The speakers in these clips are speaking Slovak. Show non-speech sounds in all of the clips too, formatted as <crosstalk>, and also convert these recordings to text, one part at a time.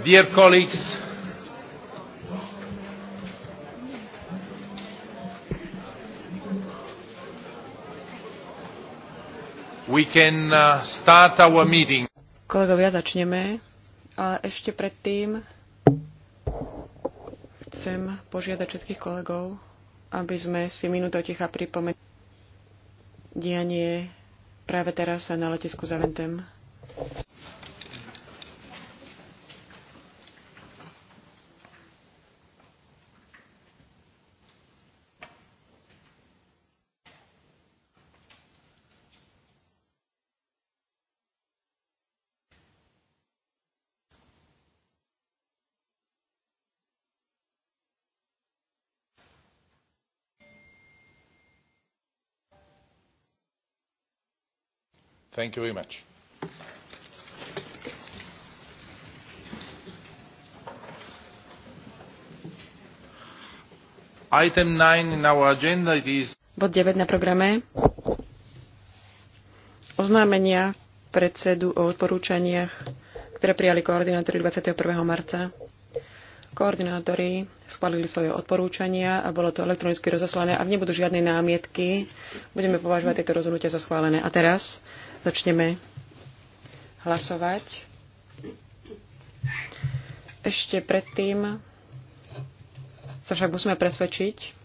Dear colleagues, we can uh, start our meeting. Kolegovia, začneme. Ale ešte predtým chcem požiadať všetkých kolegov, aby sme si minúto ticha pripomenuli dianie práve teraz sa na letisku za Ventem. thank you very much. Item 9 in our agenda it is Bod 9 na programe. Oznámenia predsedu o odporúčaniach, ktoré prijali koordinátori 21. marca. Koordinátori schválili svoje odporúčania a bolo to elektronicky rozoslané. Ak nebudú žiadne námietky, budeme považovať tieto rozhodnutia za schválené. A teraz začneme hlasovať. Ešte predtým sa však musíme presvedčiť,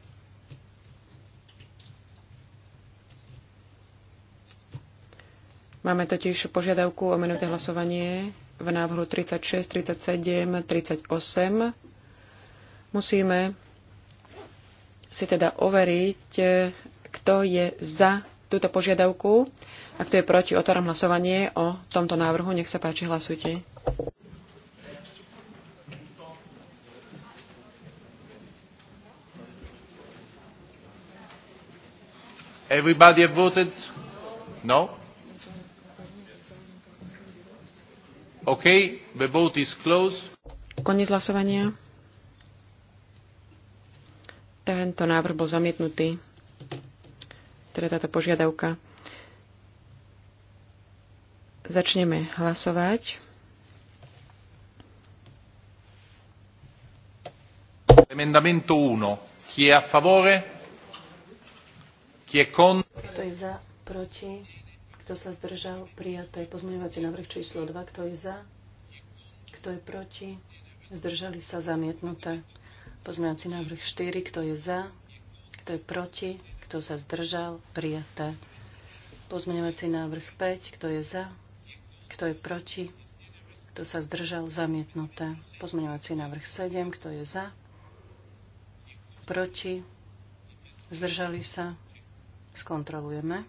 Máme totiž požiadavku o minuté hlasovanie v návrhu 36, 37, 38. Musíme si teda overiť, kto je za túto požiadavku a kto je proti. Otváram hlasovanie o tomto návrhu. Nech sa páči, hlasujte. Everybody voted? No? No? OK, the vote is closed. Koniec hlasovania. Tento návrh bol zamietnutý. Teda táto požiadavka. Začneme hlasovať. Emendamento 1. Chi è a favore? Chi è contro? Kto je za? Proti? Kto sa zdržal? Prijaté. Pozmeňovací návrh číslo 2. Kto je za? Kto je proti? Zdržali sa zamietnuté. Pozmeňovací návrh 4. Kto je za? Kto je proti? Kto sa zdržal? Prijaté. Pozmeňovací návrh 5. Kto je za? Kto je proti? Kto sa zdržal? Zamietnuté. Pozmeňovací návrh 7. Kto je za? Proti? Zdržali sa? Skontrolujeme.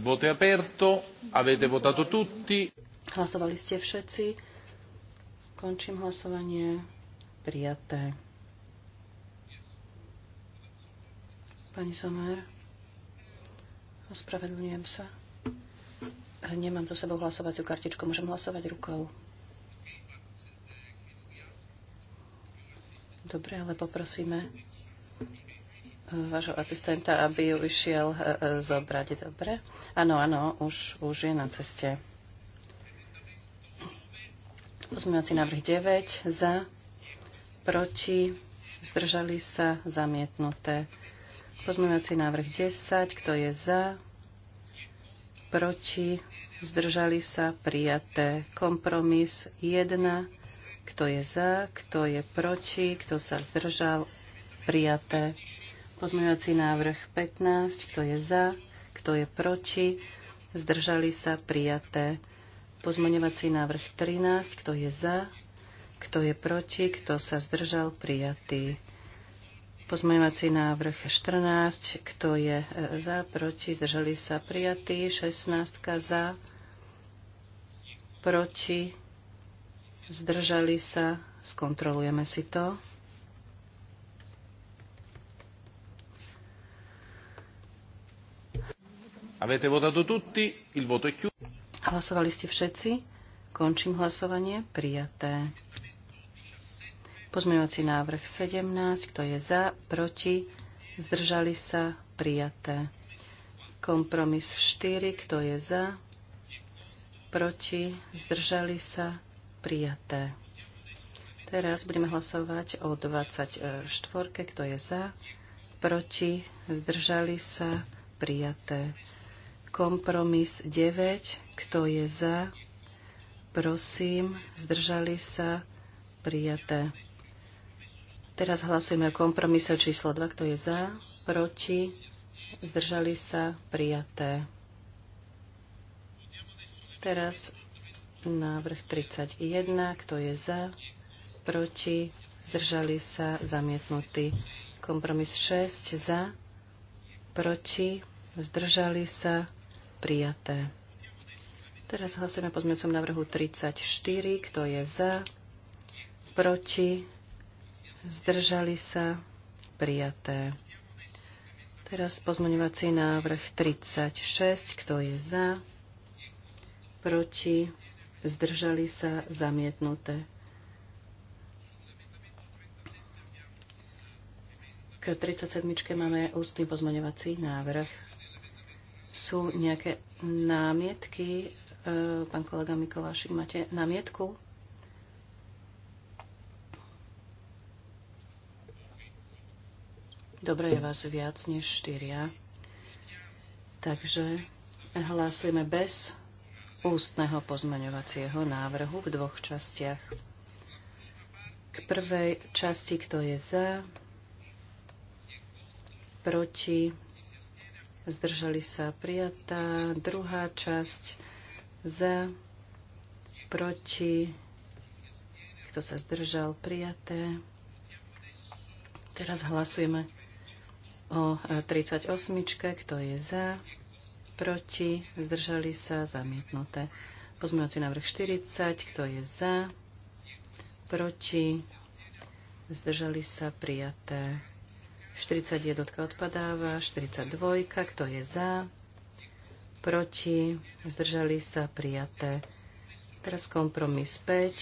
voto è aperto. Avete votato tutti. Hlasovali ste všetci. Končím hlasovanie. Prijaté. Pani Somer, ospravedlňujem sa. Nemám do sebou hlasovaciu kartičku, môžem hlasovať rukou. Dobre, ale poprosíme vášho asistenta, aby ju išiel e, e, zobrať. Dobre? Áno, áno, už, už je na ceste. Pozmeňovací návrh 9. Za, proti, zdržali sa, zamietnuté. Pozmeňovací návrh 10. Kto je za, proti, zdržali sa, prijaté. Kompromis 1. Kto je za, kto je proti, kto sa zdržal, prijaté. Pozmeňovací návrh 15. Kto je za? Kto je proti? Zdržali sa prijaté. Pozmeňovací návrh 13. Kto je za? Kto je proti? Kto sa zdržal? Prijatý. Pozmeňovací návrh 14. Kto je e, za? Proti? Zdržali sa? Prijatý. 16. Za? Proti? Zdržali sa? Skontrolujeme si to. Avete votato tutti? Il voto è chiuso. Hlasovali ste všetci? Končím hlasovanie. Prijaté. Pozmeňovací návrh 17. Kto je za? Proti? Zdržali sa? Prijaté. Kompromis 4. Kto je za? Proti? Zdržali sa? Prijaté. Teraz budeme hlasovať o 24. Kto je za? Proti? Zdržali sa? Prijaté. Kompromis 9. Kto je za? Prosím. Zdržali sa? Prijaté. Teraz hlasujeme o kompromise číslo 2. Kto je za? Proti? Zdržali sa? Prijaté. Teraz návrh 31. Kto je za? Proti? Zdržali sa? Zamietnutý. Kompromis 6. Za? Proti? Zdržali sa? prijaté. Teraz hlasujeme po zmencom návrhu 34. Kto je za? Proti? Zdržali sa? Prijaté. Teraz pozmeňovací návrh 36. Kto je za? Proti? Zdržali sa? Zamietnuté. K 37. máme ústny pozmeňovací návrh sú nejaké námietky? E, pán kolega Mikolášik, máte námietku? Dobre, je vás viac než štyria. Takže hlasujeme bez ústneho pozmaňovacieho návrhu v dvoch častiach. K prvej časti, kto je za, proti, zdržali sa prijatá. Druhá časť za, proti, kto sa zdržal prijaté. Teraz hlasujeme o 38, kto je za, proti, zdržali sa zamietnuté. Pozmeňovací návrh 40, kto je za, proti, zdržali sa prijaté. 41 odpadáva, 42, kto je za, proti, zdržali sa prijaté. Teraz kompromis 5,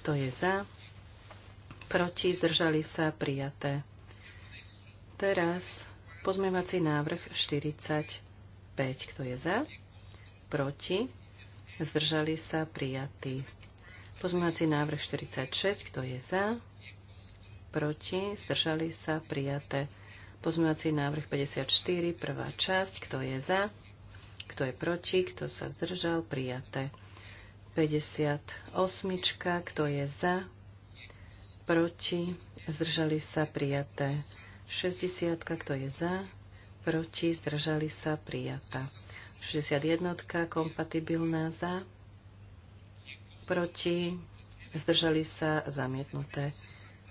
kto je za, proti, zdržali sa prijaté. Teraz pozmievací návrh 45, kto je za, proti, zdržali sa prijatí. Pozmievací návrh 46, kto je za, proti, zdržali sa, prijaté. Pozmeňovací návrh 54, prvá časť, kto je za, kto je proti, kto sa zdržal, prijaté. 58, kto je za, proti, zdržali sa, prijaté. 60, kto je za, proti, zdržali sa, prijatá. 61, kompatibilná za, proti, zdržali sa, zamietnuté.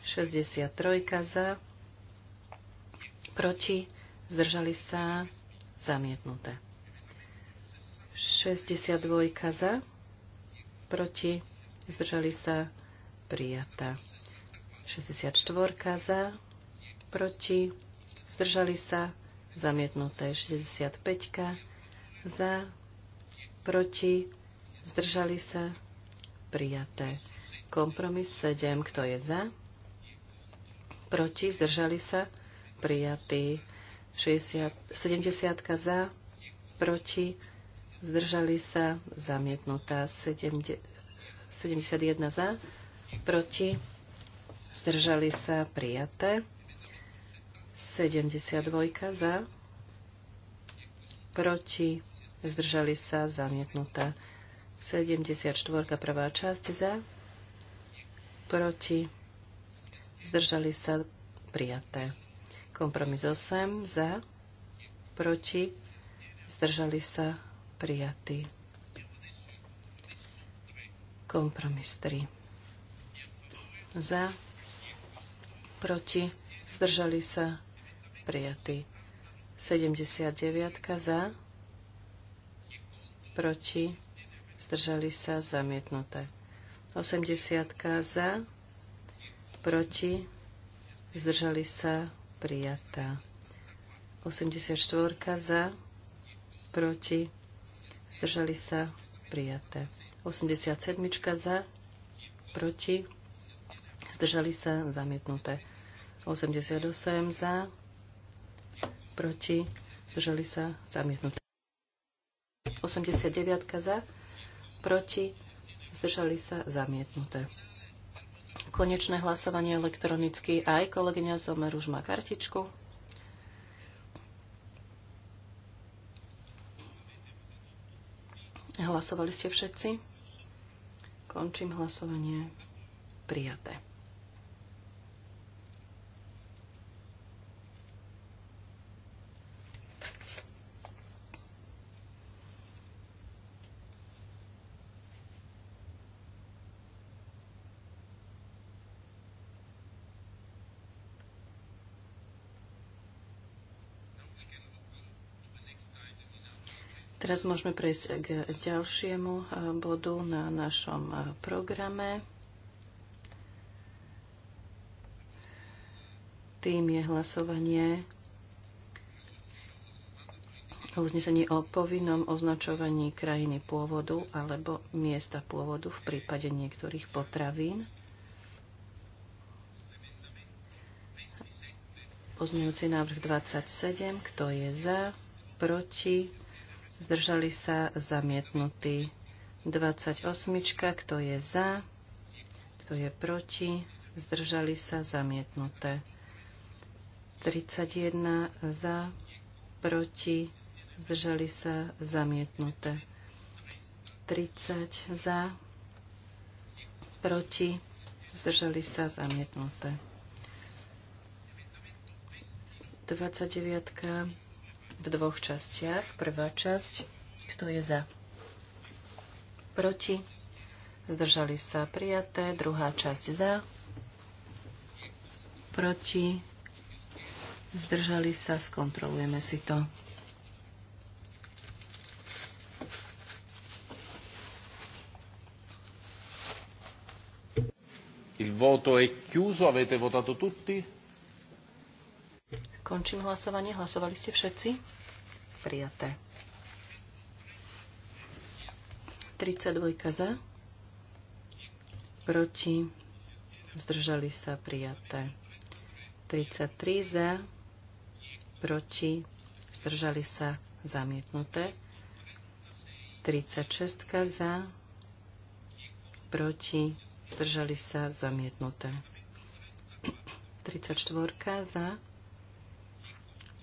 63 za, proti, zdržali sa, zamietnuté. 62 za, proti, zdržali sa, prijatá. 64 za, proti, zdržali sa, zamietnuté. 65 za, proti, zdržali sa, prijaté. Kompromis 7, kto je za? proti, zdržali sa, prijatý. 60, 70 za, proti, zdržali sa, zamietnutá. 71 za, proti, zdržali sa, prijaté. 72 za, proti, zdržali sa, zamietnutá. 74 prvá časť za, proti, zdržali sa prijaté. Kompromis 8 za, proti, zdržali sa prijatí. Kompromis 3 za, proti, zdržali sa prijatí. 79 za, proti, zdržali sa zamietnuté. 80 za, proti, zdržali sa, prijatá. 84 za, proti, zdržali sa, prijaté. 87 za, proti, zdržali sa, zamietnuté. 88 za, proti, zdržali sa, zamietnuté. 89 za, proti, zdržali sa, zamietnuté konečné hlasovanie elektronicky. Aj kolegyňa Zomer už má kartičku. Hlasovali ste všetci? Končím hlasovanie. Prijaté. Teraz môžeme prejsť k ďalšiemu eh, bodu na našom eh, programe. Tým je hlasovanie o uznesení o povinnom označovaní krajiny pôvodu alebo miesta pôvodu v prípade niektorých potravín. Pozmeňujúci návrh 27. Kto je za? Proti? zdržali sa zamietnutí. 28. Kto je za? Kto je proti? Zdržali sa zamietnuté. 31 za, proti, zdržali sa zamietnuté. 30 za, proti, zdržali sa zamietnuté. 29 v dvoch častiach. Prvá časť, kto je za? Proti? Zdržali sa prijaté. Druhá časť za? Proti? Zdržali sa. Skontrolujeme si to. Il voto è chiuso, avete votato tutti? Končím hlasovanie. Hlasovali ste všetci? Prijaté. 32 za. Proti. Zdržali sa prijaté. 33 za. Proti. Zdržali sa zamietnuté. 36 za. Proti. Zdržali sa zamietnuté. 34 za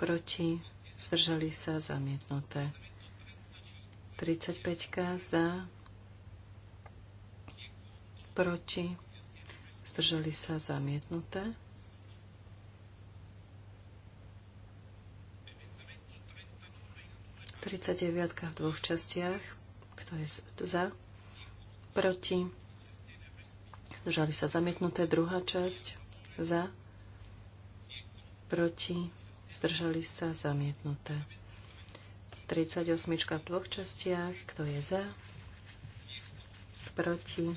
proti, zdržali sa zamietnuté. 35 za, proti, zdržali sa zamietnuté. Tridsaťdeviatka v dvoch častiach. Kto je za? Proti. Zdržali sa zamietnuté. Druhá časť. Za. Proti zdržali sa zamietnuté. 38 v dvoch častiach, kto je za, proti,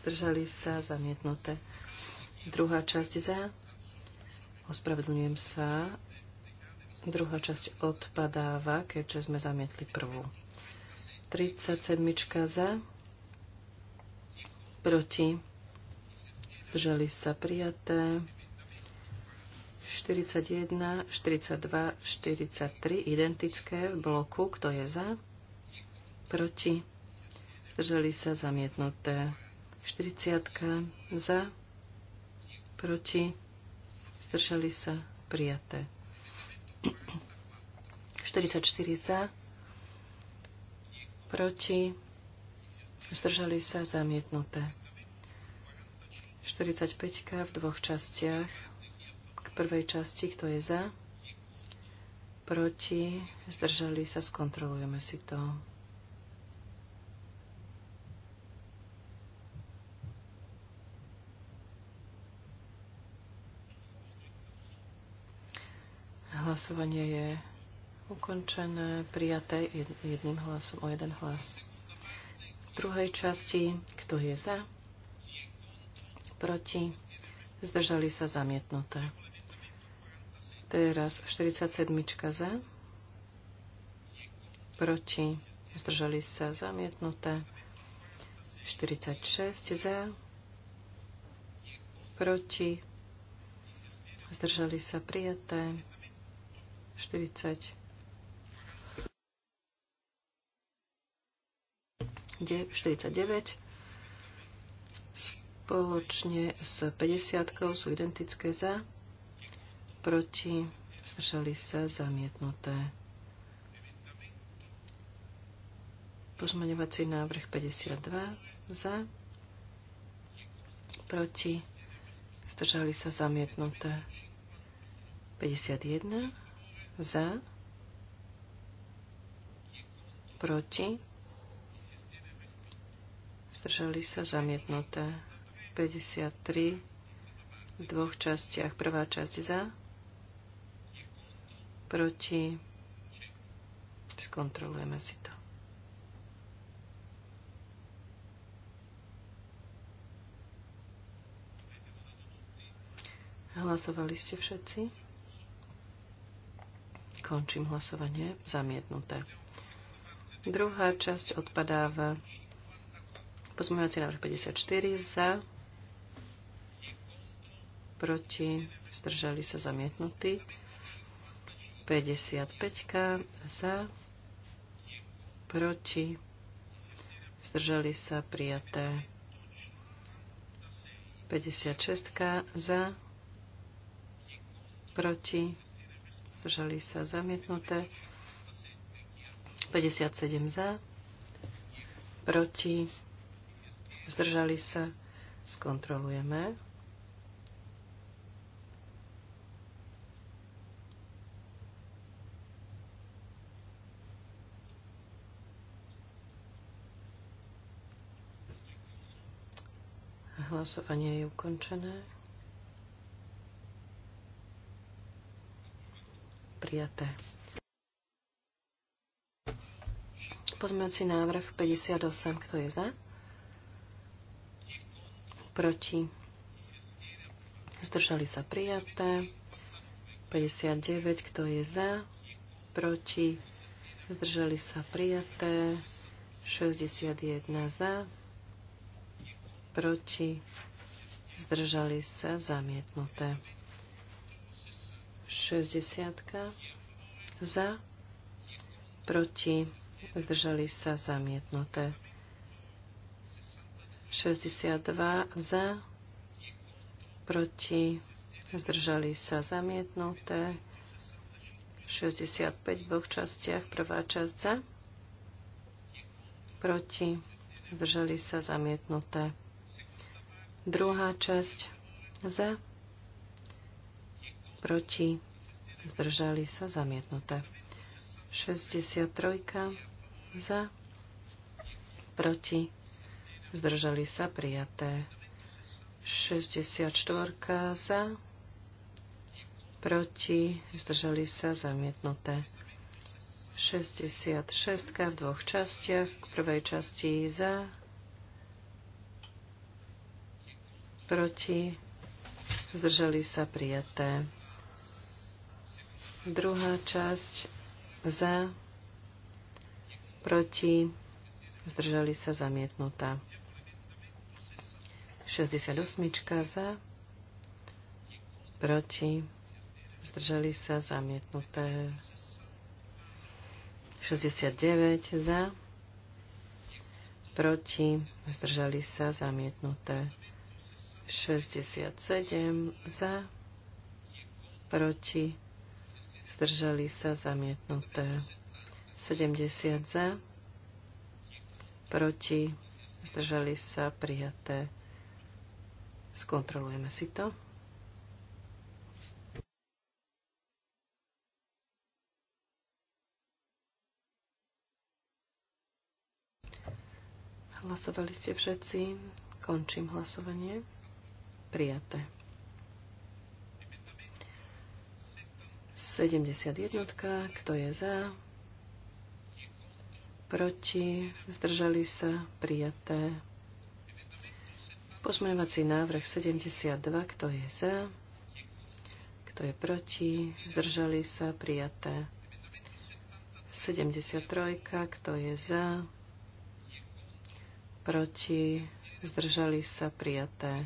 zdržali sa zamietnuté. Druhá časť za, ospravedlňujem sa, druhá časť odpadáva, keďže sme zamietli prvú. 37 za, proti, zdržali sa prijaté. 41, 42, 43 identické v bloku. Kto je za? Proti? Zdržali sa zamietnuté. 40 za? Proti? Zdržali sa prijaté. 44 za? Proti? Zdržali sa zamietnuté. 45 v dvoch častiach prvej časti, kto je za, proti, zdržali sa, skontrolujeme si to. Hlasovanie je ukončené, prijaté jedným hlasom o jeden hlas. V druhej časti, kto je za, proti, zdržali sa zamietnuté. Teraz 47 za. Proti. Zdržali sa zamietnuté. 46 za. Proti. Zdržali sa prijaté. 40. 49 spoločne s 50 sú identické za proti, zdržali sa zamietnuté. Pozmaňovací návrh 52 za, proti, zdržali sa zamietnuté. 51 za, proti, zdržali sa zamietnuté. 53 v dvoch častiach. Prvá časť za, proti. Skontrolujeme si to. Hlasovali ste všetci? Končím hlasovanie. Zamietnuté. Druhá časť odpadáva. Pozmeňovací návrh 54 za. Proti. Zdržali sa zamietnutí. 55 za, proti, zdržali sa prijaté. 56 za, proti, zdržali sa zamietnuté. 57 za, proti, zdržali sa, skontrolujeme. Hlasovanie je ukončené. Prijaté. Pozmeňujúci návrh 58. Kto je za? Proti? Zdržali sa prijaté. 59. Kto je za? Proti? Zdržali sa prijaté. 61 za proti, zdržali sa, zamietnuté. 60 za, proti, zdržali sa, zamietnuté. 62 za, proti, zdržali sa, zamietnuté. 65 v dvoch častiach, prvá časť za, proti, zdržali sa, zamietnuté. Druhá časť za, proti, zdržali sa zamietnuté. 63 za, proti, zdržali sa prijaté. 64 za, proti, zdržali sa zamietnuté. 66 v dvoch častiach, k prvej časti za, proti, zdržali sa prijaté. Druhá časť za, proti, zdržali sa zamietnutá. 68 za, proti, zdržali sa zamietnuté. 69 za, proti, zdržali sa zamietnuté. 67 za, proti, zdržali sa zamietnuté. 70 za, proti, zdržali sa prijaté. Skontrolujeme si to. Hlasovali ste všetci. Končím hlasovanie. Prijaté. 71. Kto je za? Proti? Zdržali sa? Prijaté. Pozmeňovací návrh 72. Kto je za? Kto je proti? Zdržali sa? Prijaté. 73. Kto je za? Proti? Zdržali sa? Prijaté.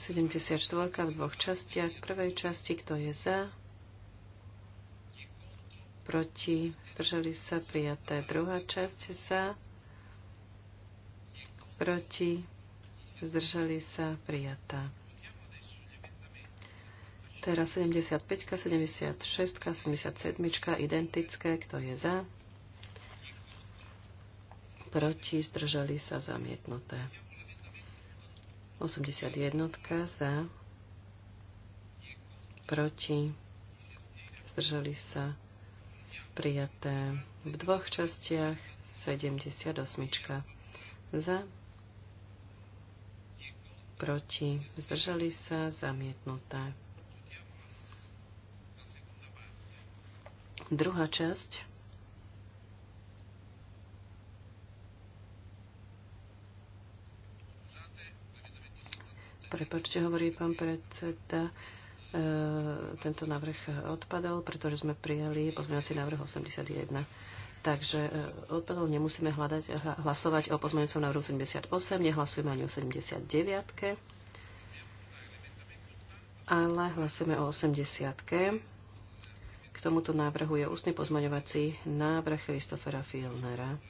74 v dvoch častiach. V prvej časti, kto je za, proti, zdržali sa, prijaté. Druhá časť za, proti, zdržali sa, prijatá. Teraz 75, 76, 77, identické, kto je za, proti, zdržali sa, zamietnuté. 81 za, proti, zdržali sa prijaté v dvoch častiach 78 za, proti, zdržali sa zamietnuté. Druhá časť Prepačte, hovorí pán predseda, e, tento návrh odpadol, pretože sme prijali pozmeňovací návrh 81. Takže e, odpadol, nemusíme hľadať, hlasovať o pozmeňujúcom návrhu 78, nehlasujeme ani o 79, ale hlasujeme o 80. K tomuto návrhu je ústny pozmeňovací návrh Christofera Fielnera.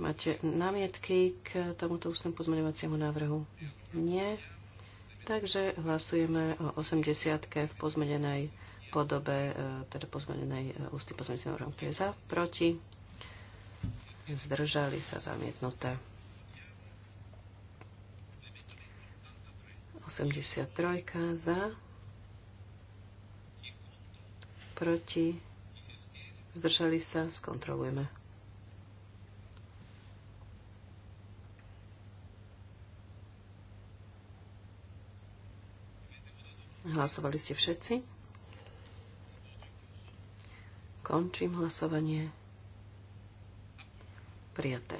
Máte námietky k tomuto ústnom pozmeňovaciemu návrhu? Nie. Takže hlasujeme o 80 v pozmenenej podobe, e, teda pozmenenej e, ústy pozmeňovacím návrhu. Kto je za? Proti? Zdržali sa zamietnuté. 83 za, proti, zdržali sa, skontrolujeme. Hlasovali ste všetci? Končím hlasovanie. Prijaté.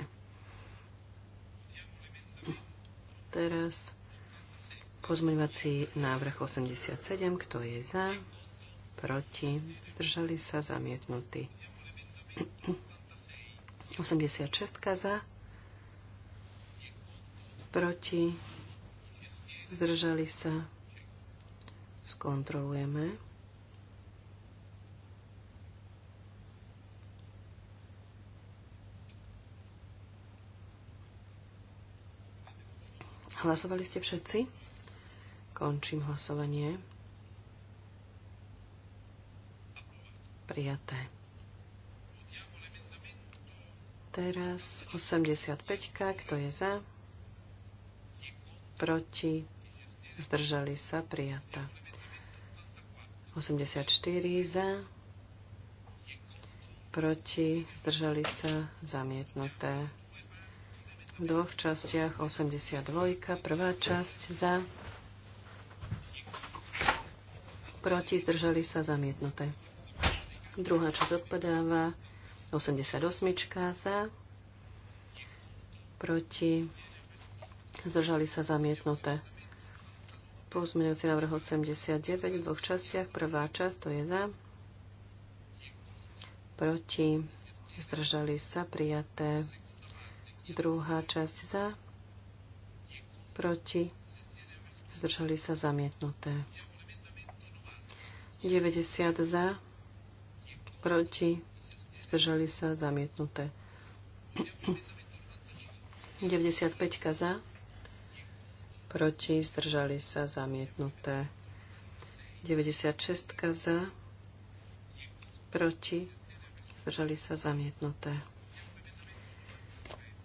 Teraz pozmeňovací návrh 87. Kto je za? Proti? Zdržali sa? Zamietnutí. 86. za? Proti? Zdržali sa? skontrolujeme. Hlasovali ste všetci? Končím hlasovanie. Prijaté. Teraz 85. Kto je za? Proti? Zdržali sa? Prijatá. 84 za, proti, zdržali sa, zamietnuté. V dvoch častiach 82, prvá časť za, proti, zdržali sa, zamietnuté. Druhá časť odpadáva, 88 za, proti, zdržali sa, zamietnuté. Pozmeňujúci návrh 89 v dvoch častiach. Prvá časť, to je za. Proti. Zdržali sa prijaté. Druhá časť za. Proti. Zdržali sa zamietnuté. 90 za. Proti. Zdržali sa zamietnuté. 95 <clears throat> za proti, zdržali sa zamietnuté. 96 za, proti, zdržali sa zamietnuté.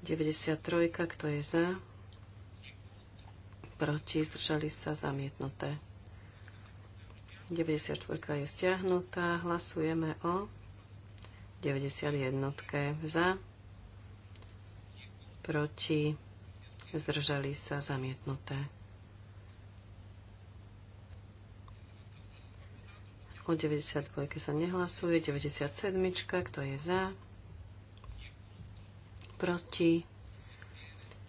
93, kto je za, proti, zdržali sa zamietnuté. 94 je stiahnutá, hlasujeme o 91 za, proti, zdržali sa zamietnuté. O 92 sa nehlasuje, 97, kto je za, proti,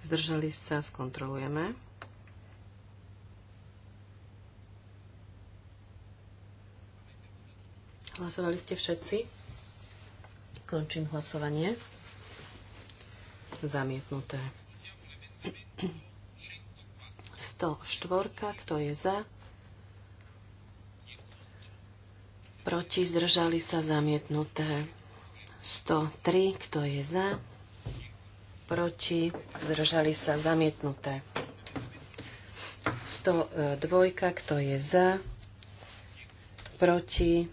zdržali sa, skontrolujeme. Hlasovali ste všetci? Končím hlasovanie. Zamietnuté. 104, kto je za? Proti zdržali sa zamietnuté. 103, kto je za? Proti zdržali sa zamietnuté. 102, kto je za? Proti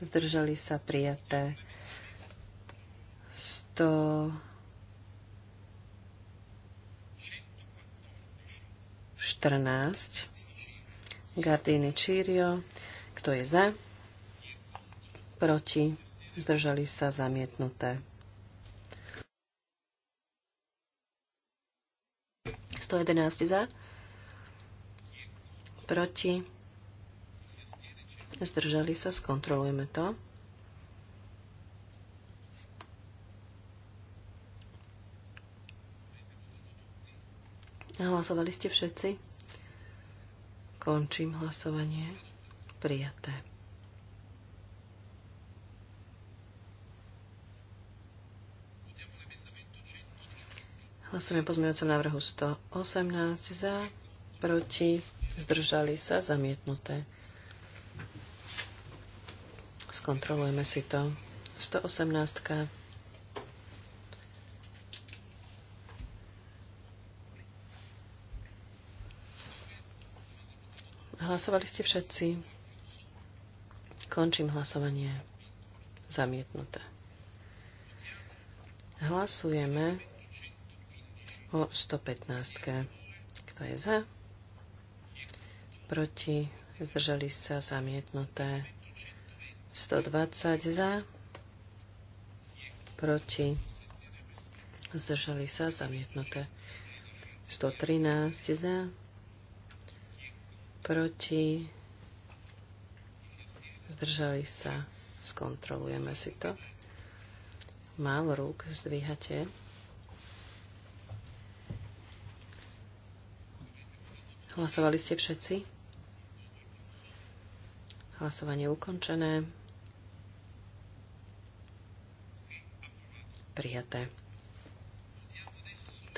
zdržali sa prijaté. 100 14. Gardini Čírio. Kto je za? Proti? Zdržali sa zamietnuté. 111 za. Proti? Zdržali sa. Skontrolujeme to. Hlasovali ste všetci? Končím hlasovanie. Prijaté. Hlasujeme pozmeňujúcom návrhu 118 za, proti, zdržali sa, zamietnuté. Skontrolujeme si to. 118. Hlasovali ste všetci. Končím hlasovanie. Zamietnuté. Hlasujeme o 115. Kto je za? Proti? Zdržali sa zamietnuté. 120 za. Proti? Zdržali sa zamietnuté. 113 za proti, zdržali sa, skontrolujeme si to. Málo rúk zdvíhate. Hlasovali ste všetci? Hlasovanie ukončené. Prijaté.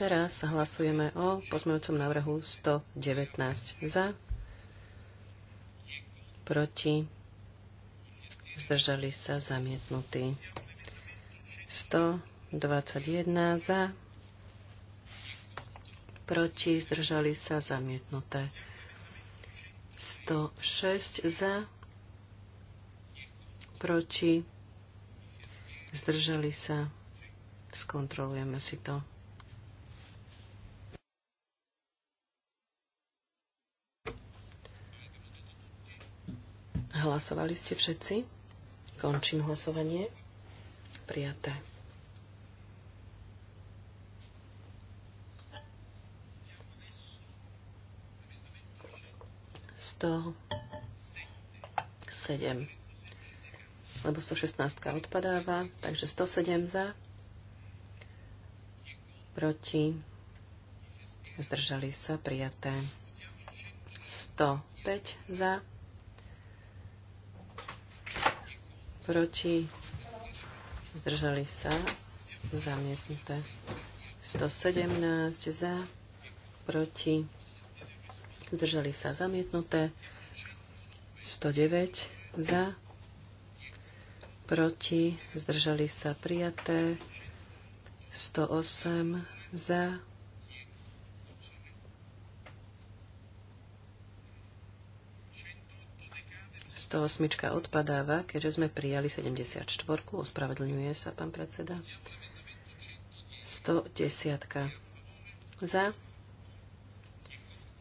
Teraz hlasujeme o pozmeňujúcom návrhu 119 za, proti, zdržali sa zamietnutí. 121 za, proti, zdržali sa zamietnuté. 106 za, proti, zdržali sa. Skontrolujeme si to. Hlasovali ste všetci? Končím hlasovanie. Prijaté. Sto sedem. Lebo 116 odpadáva, takže 107 za, proti, zdržali sa, prijaté. 105 za, proti, zdržali sa, zamietnuté. 117 za, proti, zdržali sa, zamietnuté. 109 za, proti, zdržali sa, prijaté. 108 za, 108 odpadáva, keďže sme prijali 74. Ospravedlňuje sa pán predseda. 110. Za.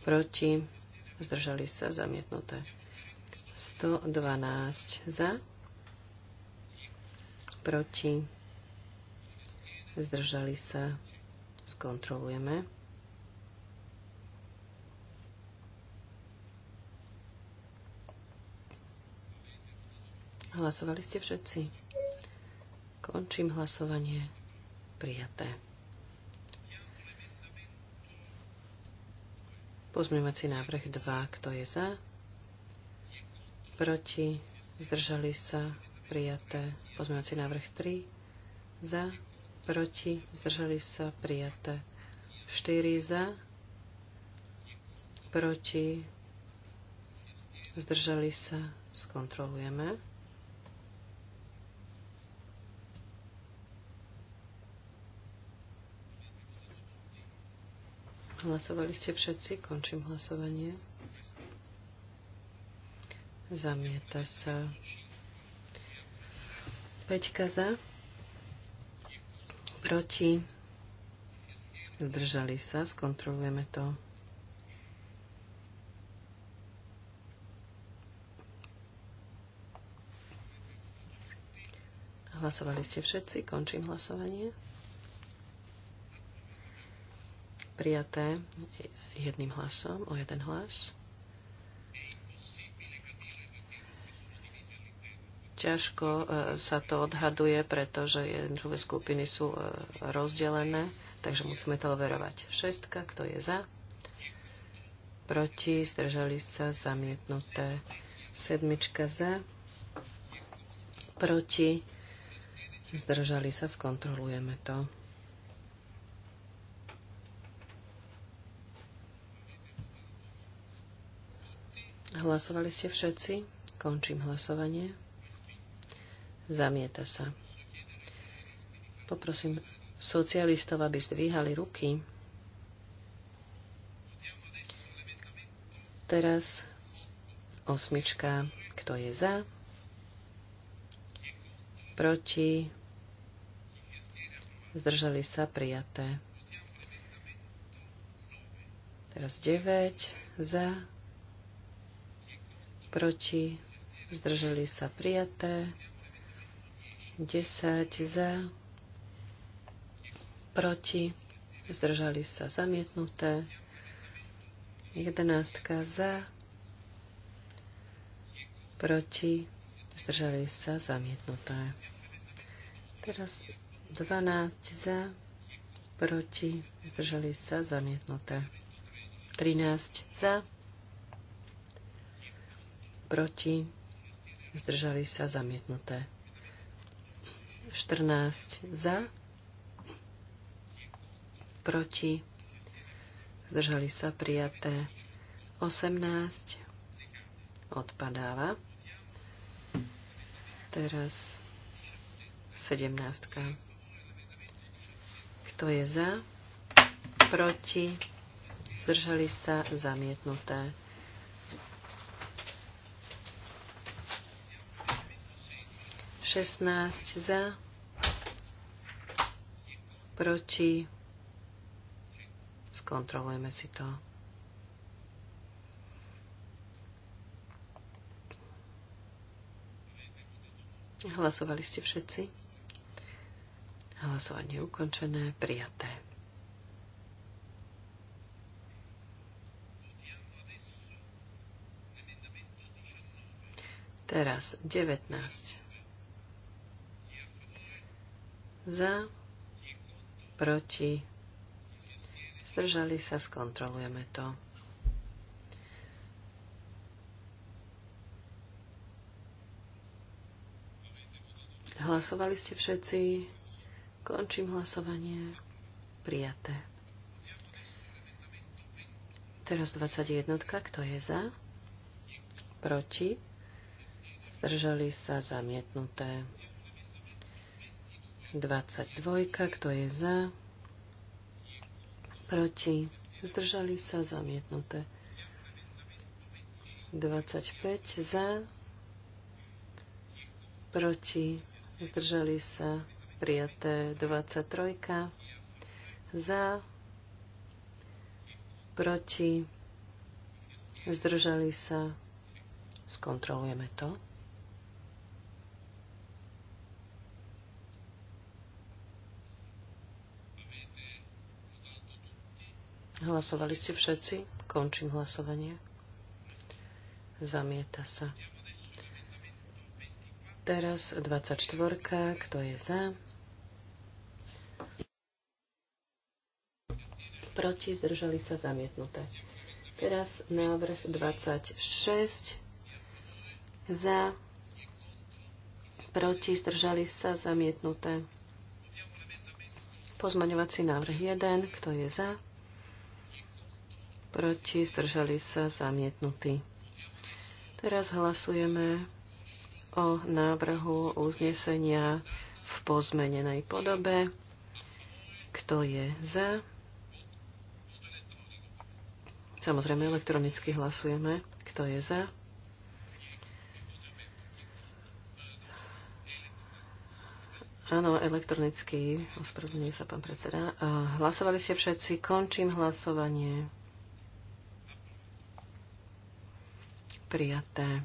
Proti. Zdržali sa zamietnuté. 112 za. Proti. Zdržali sa. Skontrolujeme. Hlasovali ste všetci? Končím hlasovanie. Prijaté. Pozmeňovací návrh 2. Kto je za? Proti? Zdržali sa? Prijaté. Pozmeňovací návrh 3. Za? Proti? Zdržali sa? Prijaté. 4 za? Proti? Zdržali sa? Skontrolujeme. Hlasovali ste všetci, končím hlasovanie. Zamieta sa. Peťka za. Proti. Zdržali sa, skontrolujeme to. Hlasovali ste všetci, končím hlasovanie prijaté jedným hlasom, o jeden hlas. Ťažko e, sa to odhaduje, pretože jednotlivé skupiny sú e, rozdelené, takže musíme to overovať. Šestka, kto je za? Proti, zdržali sa, zamietnuté. Sedmička za, proti, zdržali sa, skontrolujeme to. Hlasovali ste všetci? Končím hlasovanie. Zamieta sa. Poprosím socialistov, aby zdvíhali ruky. Teraz osmička. Kto je za? Proti? Zdržali sa prijaté. Teraz 9 za, proti, zdrželi sa prijaté, 10 za, proti, zdržali sa zamietnuté, 11 za, proti, zdržali sa zamietnuté. Teraz 12 za, proti, zdržali sa zamietnuté. 13 za, proti, zdržali sa zamietnuté. 14 za, proti, zdržali sa prijaté. 18 odpadáva. Teraz 17. Kto je za? Proti? Zdržali sa zamietnuté. 16 za, proti, skontrolujeme si to. Hlasovali ste všetci? Hlasovanie ukončené, prijaté. Teraz 19. Za, proti, zdržali sa, skontrolujeme to. Hlasovali ste všetci. Končím hlasovanie. Prijaté. Teraz 21. Kto je za? Proti? Zdržali sa zamietnuté. 22. Kto je za? Proti? Zdržali sa zamietnuté. 25 za, proti, zdržali sa prijaté 23 za, proti, zdržali sa, skontrolujeme to. Hlasovali ste všetci? Končím hlasovanie. Zamieta sa. Teraz 24. Kto je za? Proti? Zdržali sa zamietnuté. Teraz návrh 26. Za? Proti? Zdržali sa zamietnuté. Pozmaňovací návrh 1. Kto je za? proti, zdržali sa, zamietnutí. Teraz hlasujeme o návrhu uznesenia v pozmenenej podobe. Kto je za? Samozrejme, elektronicky hlasujeme. Kto je za? Áno, elektronicky, ospravedlňuje sa pán predseda. Hlasovali ste všetci, končím hlasovanie. Prijaté.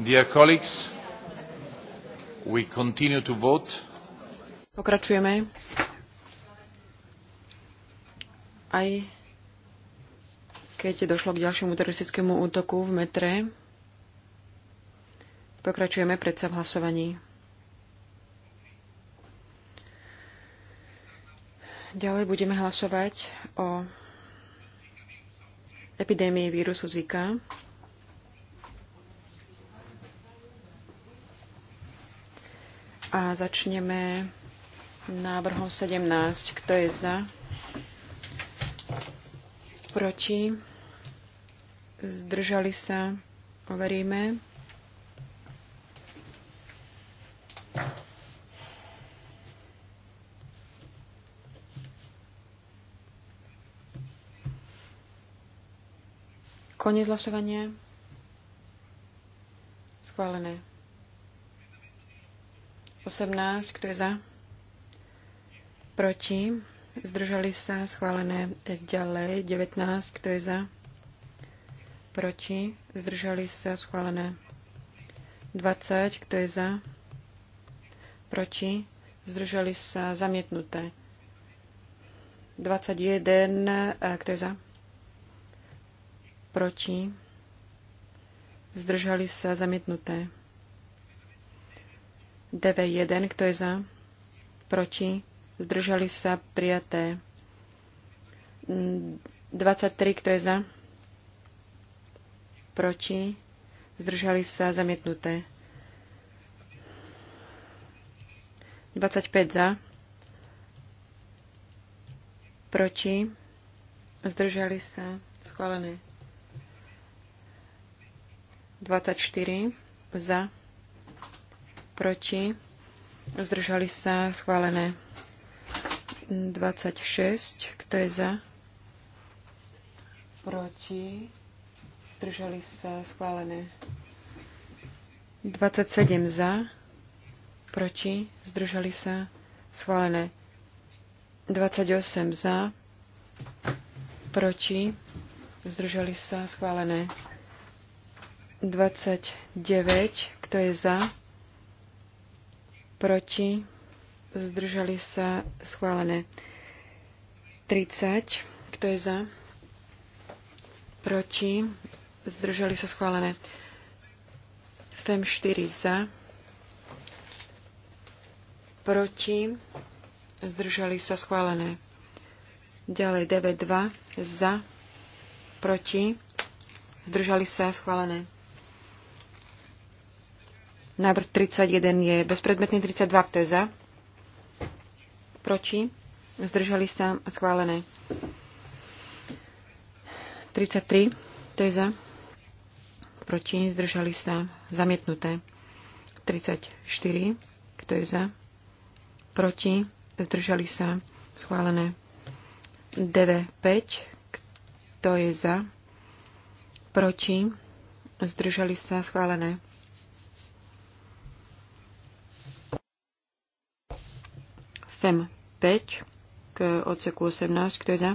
Dear colleagues, we continue to vote. Pokračujeme. Aj keď došlo k ďalšiemu teroristickému útoku v metre, pokračujeme predsa v hlasovaní. Ďalej budeme hlasovať o epidémii vírusu Zika. A začneme návrhom 17. Kto je za? Proti? Zdržali sa? Overíme. Koniec hlasovania. Schválené. 18, kto je za? Proti. Zdržali sa schválené ďalej. 19, kto je za? Proti. Zdržali sa schválené. 20, kto je za? Proti. Zdržali sa zamietnuté. 21, kto je za? Proti. Zdržali sa zamietnuté. DV1, kto je za? Proti? Zdržali sa prijaté. 23, kto je za? Proti? Zdržali sa zamietnuté. 25 za. Proti? Zdržali sa. Schválené. 24 za proti, zdržali sa schválené 26, kto je za, proti, zdržali sa schválené 27 za, proti, zdržali sa schválené 28 za, proti, zdržali sa schválené 29, kto je za, proti, zdržali sa schválené 30, kto je za, proti, zdržali sa schválené FEM 4 za, proti, zdržali sa schválené. Ďalej 9 2 za, proti, zdržali sa schválené. Návrh 31 je bezpredmetný. 32, kto je za? Proti? Zdržali sa? Schválené. 33, kto je za? Proti? Zdržali sa? Zamietnuté. 34, kto je za? Proti? Zdržali sa? Schválené. 9, 5 kto je za? Proti? Zdržali sa? Schválené. FEM 5 k odseku 18. Kto je za?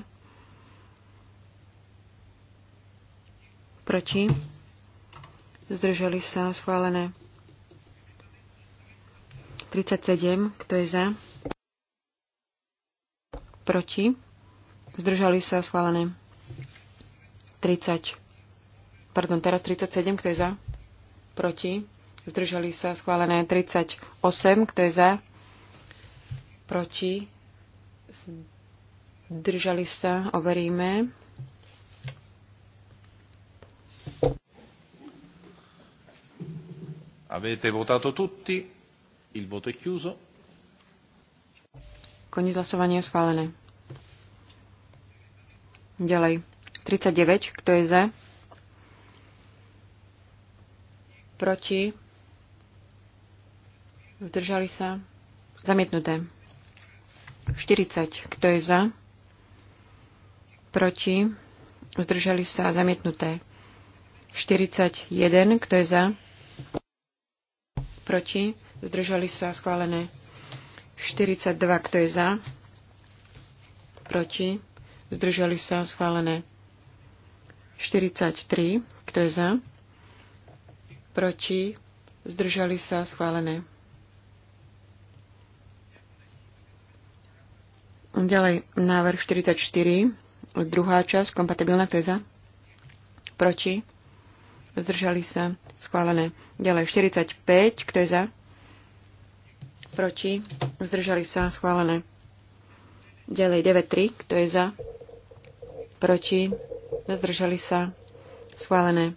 Proti? Zdržali sa schválené. 37. Kto je za? Proti? Zdržali sa schválené. 30. Pardon, teraz 37. Kto je za? Proti? Zdržali sa schválené. 38. Kto je za? proti, zdržali sa, overíme. Avete votato tutti, il voto è chiuso. Koniec hlasovania je schválené. Ďalej. 39, kto je za? Proti? Zdržali sa? Zamietnuté. 40. Kto je za? Proti? Zdržali sa zamietnuté. 41. Kto je za? Proti? Zdržali sa schválené. 42. Kto je za? Proti? Zdržali sa schválené. 43. Kto je za? Proti? Zdržali sa schválené. Ďalej, návrh 44, druhá časť, kompatibilná, kto je za? Proti? Zdržali sa? Schválené. Ďalej, 45, kto je za? Proti? Zdržali sa? Schválené. Ďalej, 9.3, kto je za? Proti? Zdržali sa? Schválené.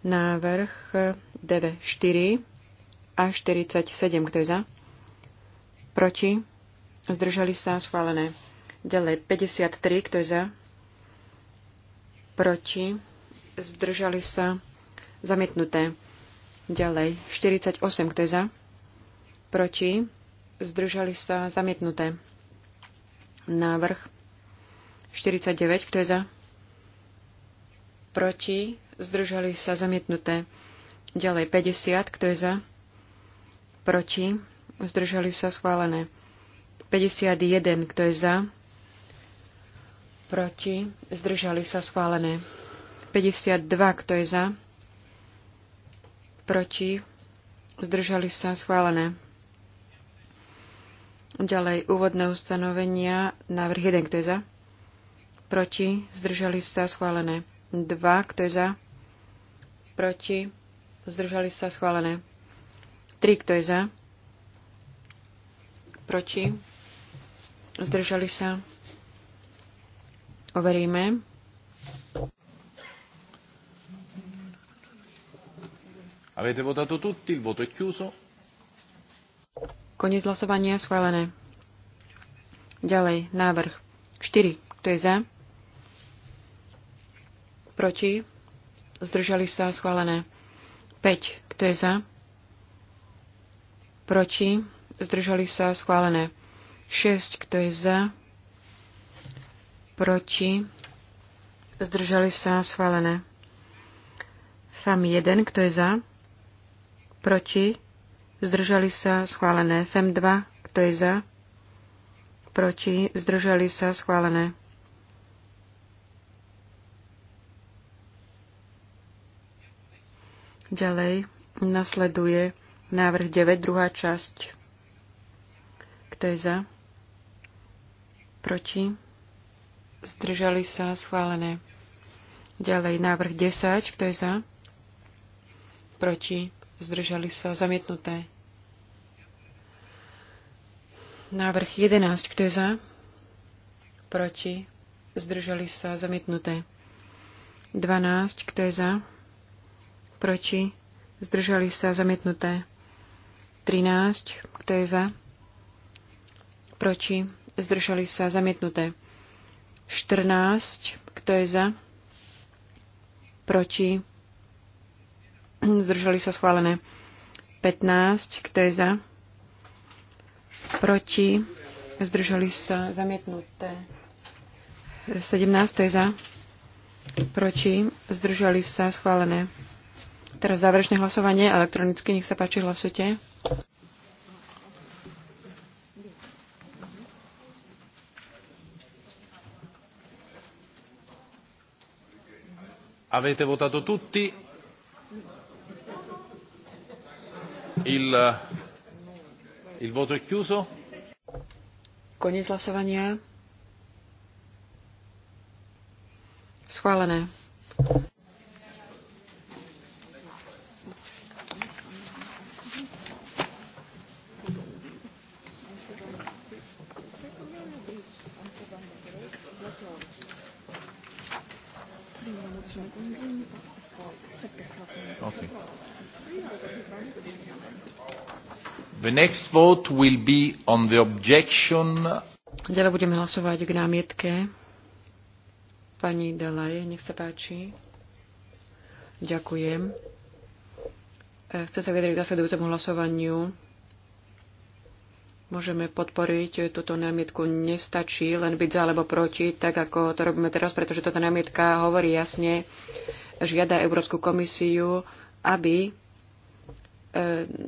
Návrh 94 4 a 47, kto je za? Proti? Zdržali sa schválené. Ďalej 53, kto je za? Proti. Zdržali sa zamietnuté. Ďalej 48, kto je za? Proti. Zdržali sa zamietnuté. Návrh 49, kto je za? Proti. Zdržali sa zamietnuté. Ďalej 50, kto je za? Proti. Zdržali sa schválené. 51. Kto je za? Proti? Zdržali sa schválené. 52. Kto je za? Proti? Zdržali sa schválené. Ďalej úvodné ustanovenia. Návrh 1. Kto je za? Proti? Zdržali sa schválené. 2. Kto je za? Proti? Zdržali sa schválené. 3. Kto je za? Proti? Zdržali sa? Overíme. Avete votato tutti, il voto è chiuso. Koniec hlasovania schválené. Ďalej, návrh 4. Kto je za? Proti? Zdržali sa schválené. 5. Kto je za? Proti? Zdržali sa schválené. 6, kto je za, proti, zdržali sa, schválené. Fem 1, kto je za, proti, zdržali sa, schválené. Fem 2, kto je za, proti, zdržali sa, schválené. Ďalej nasleduje návrh 9, druhá časť. Kto je za? proti, zdržali sa, schválené. Ďalej návrh 10, kto je za, proti, zdržali sa, zamietnuté. Návrh 11, kto je za, proti, zdržali sa, zamietnuté. 12, kto je za, proti, zdržali sa, zamietnuté. 13, kto je za, proti, zdržali sa zamietnuté. 14, kto je za, proti, zdržali sa schválené. 15, kto je za, proti, zdržali sa zamietnuté. 17, kto je za, proti, zdržali sa schválené. Teraz záverečné hlasovanie elektronicky, nech sa páči, hlasujte. Avete votato tutti? Il, il voto è chiuso? Koniec hlasovania. Schválené. Ďalej budeme hlasovať k námietke. Pani Dalaj, nech sa páči. Ďakujem. E, chcem sa vyjadriť k nasledujúcemu hlasovaniu. Môžeme podporiť túto námietku. Nestačí len byť za alebo proti, tak ako to robíme teraz, pretože táto námietka hovorí jasne, žiada Európsku komisiu, aby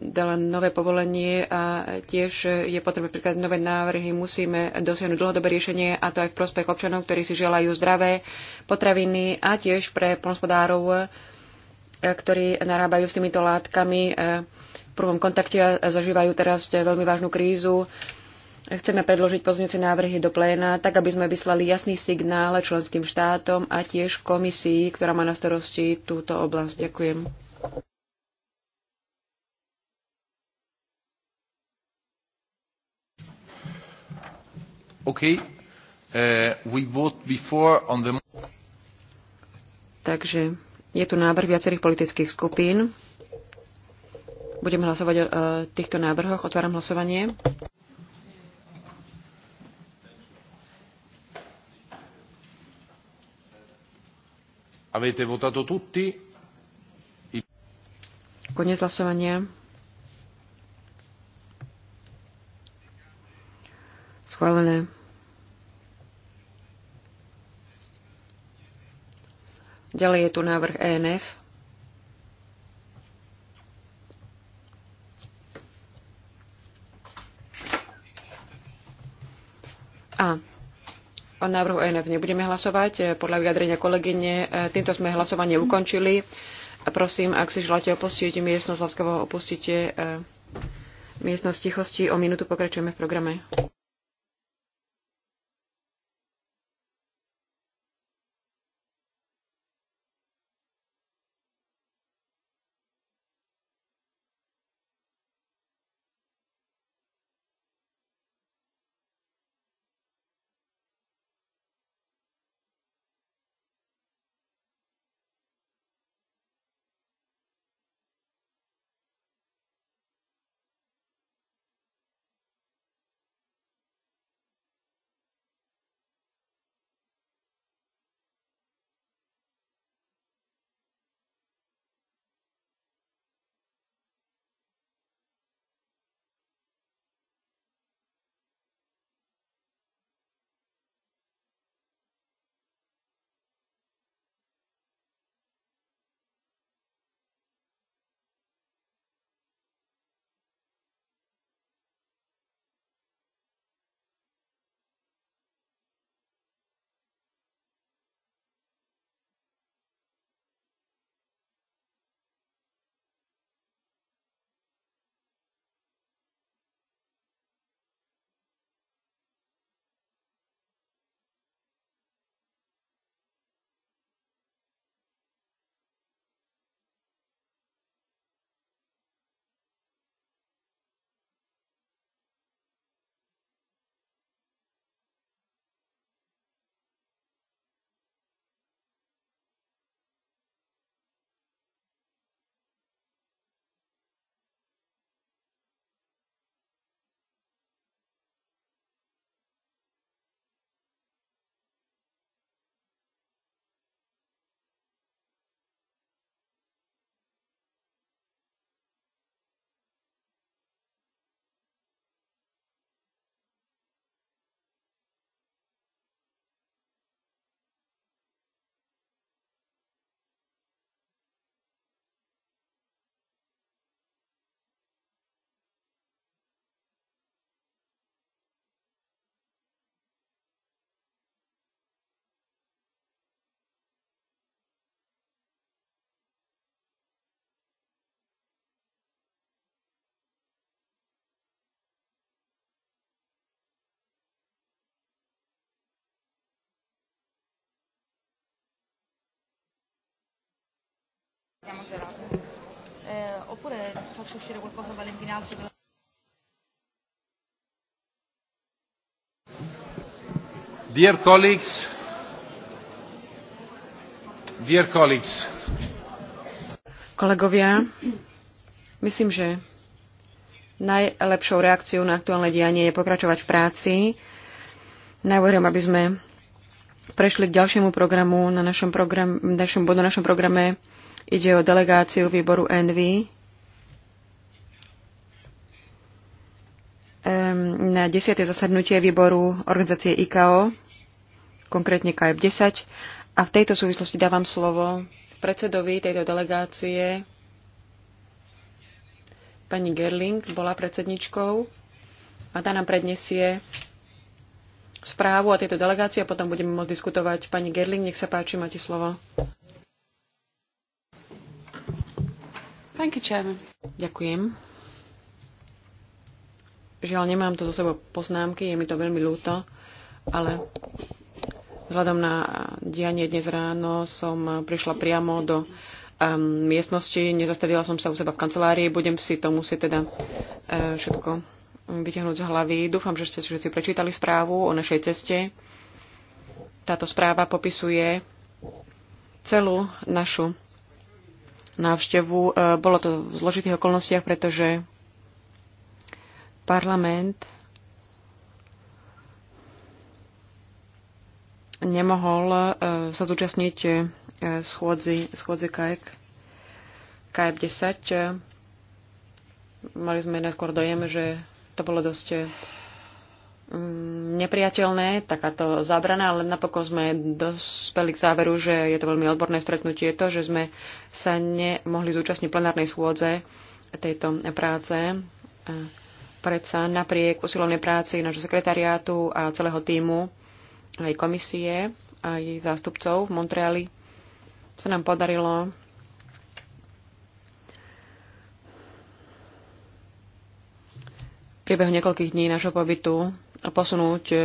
dala nové povolenie a tiež je potrebné príklad nové návrhy. Musíme dosiahnuť dlhodobé riešenie a to aj v prospech občanov, ktorí si želajú zdravé potraviny a tiež pre polnospodárov, eh, ktorí narábajú s týmito látkami eh, v prvom kontakte a zažívajú teraz veľmi vážnu krízu. Chceme predložiť pozmeňujúce návrhy do pléna, tak aby sme vyslali jasný signál členským štátom a tiež komisii, ktorá má na starosti túto oblasť. Ďakujem. Uh, Takže je tu návrh viacerých politických skupín. Budeme hlasovať o uh, týchto návrhoch. Otváram hlasovanie. Avete votato tutti? Konec hlasovania. Schválené. Ďalej je tu návrh ENF. A o návrhu ENF nebudeme hlasovať. Podľa vyjadrenia kolegyne e, týmto sme hlasovanie ukončili. prosím, ak si želáte opustiť miestnosť, láskavo opustite e, miestnosť tichosti. O minútu pokračujeme v programe. Siamo gelati. Eh, oppure faccio uscire qualcosa a Valentina Valentinazzo. Per... Dear colleagues, dear colleagues. Kolegovia, myslím, že najlepšou reakciou na aktuálne dianie je pokračovať v práci. Navrhujem, aby sme prešli k ďalšiemu programu na našom, program, našom, našom programe Ide o delegáciu výboru ENVY na 10. zasadnutie výboru organizácie IKO, konkrétne KF 10. A v tejto súvislosti dávam slovo predsedovi tejto delegácie. Pani Gerling bola predsedničkou a tá nám predniesie správu a tejto delegácie a potom budeme môcť diskutovať. Pani Gerling, nech sa páči, máte slovo. Thank you, Chairman. Ďakujem. Žiaľ, nemám tu zo sebou poznámky, je mi to veľmi ľúto, ale vzhľadom na dianie dnes ráno som prišla priamo do um, miestnosti, nezastavila som sa u seba v kancelárii, budem si to musieť teda uh, všetko vyťahnuť z hlavy. Dúfam, že ste všetci prečítali správu o našej ceste. Táto správa popisuje celú našu návštevu. E, bolo to v zložitých okolnostiach, pretože parlament nemohol e, sa zúčastniť e, schôdzi, schôdzi KF 10. Mali sme najskôr dojem, že to bolo dosť Mm, nepriateľné, takáto zábrana, ale napokon sme dospeli k záveru, že je to veľmi odborné stretnutie, to, že sme sa nemohli zúčastniť plenárnej schôdze tejto práce. Predsa napriek usilovnej práci nášho sekretariátu a celého týmu, aj komisie, aj zástupcov v Montreali, sa nám podarilo priebehu niekoľkých dní našho pobytu posunúť e,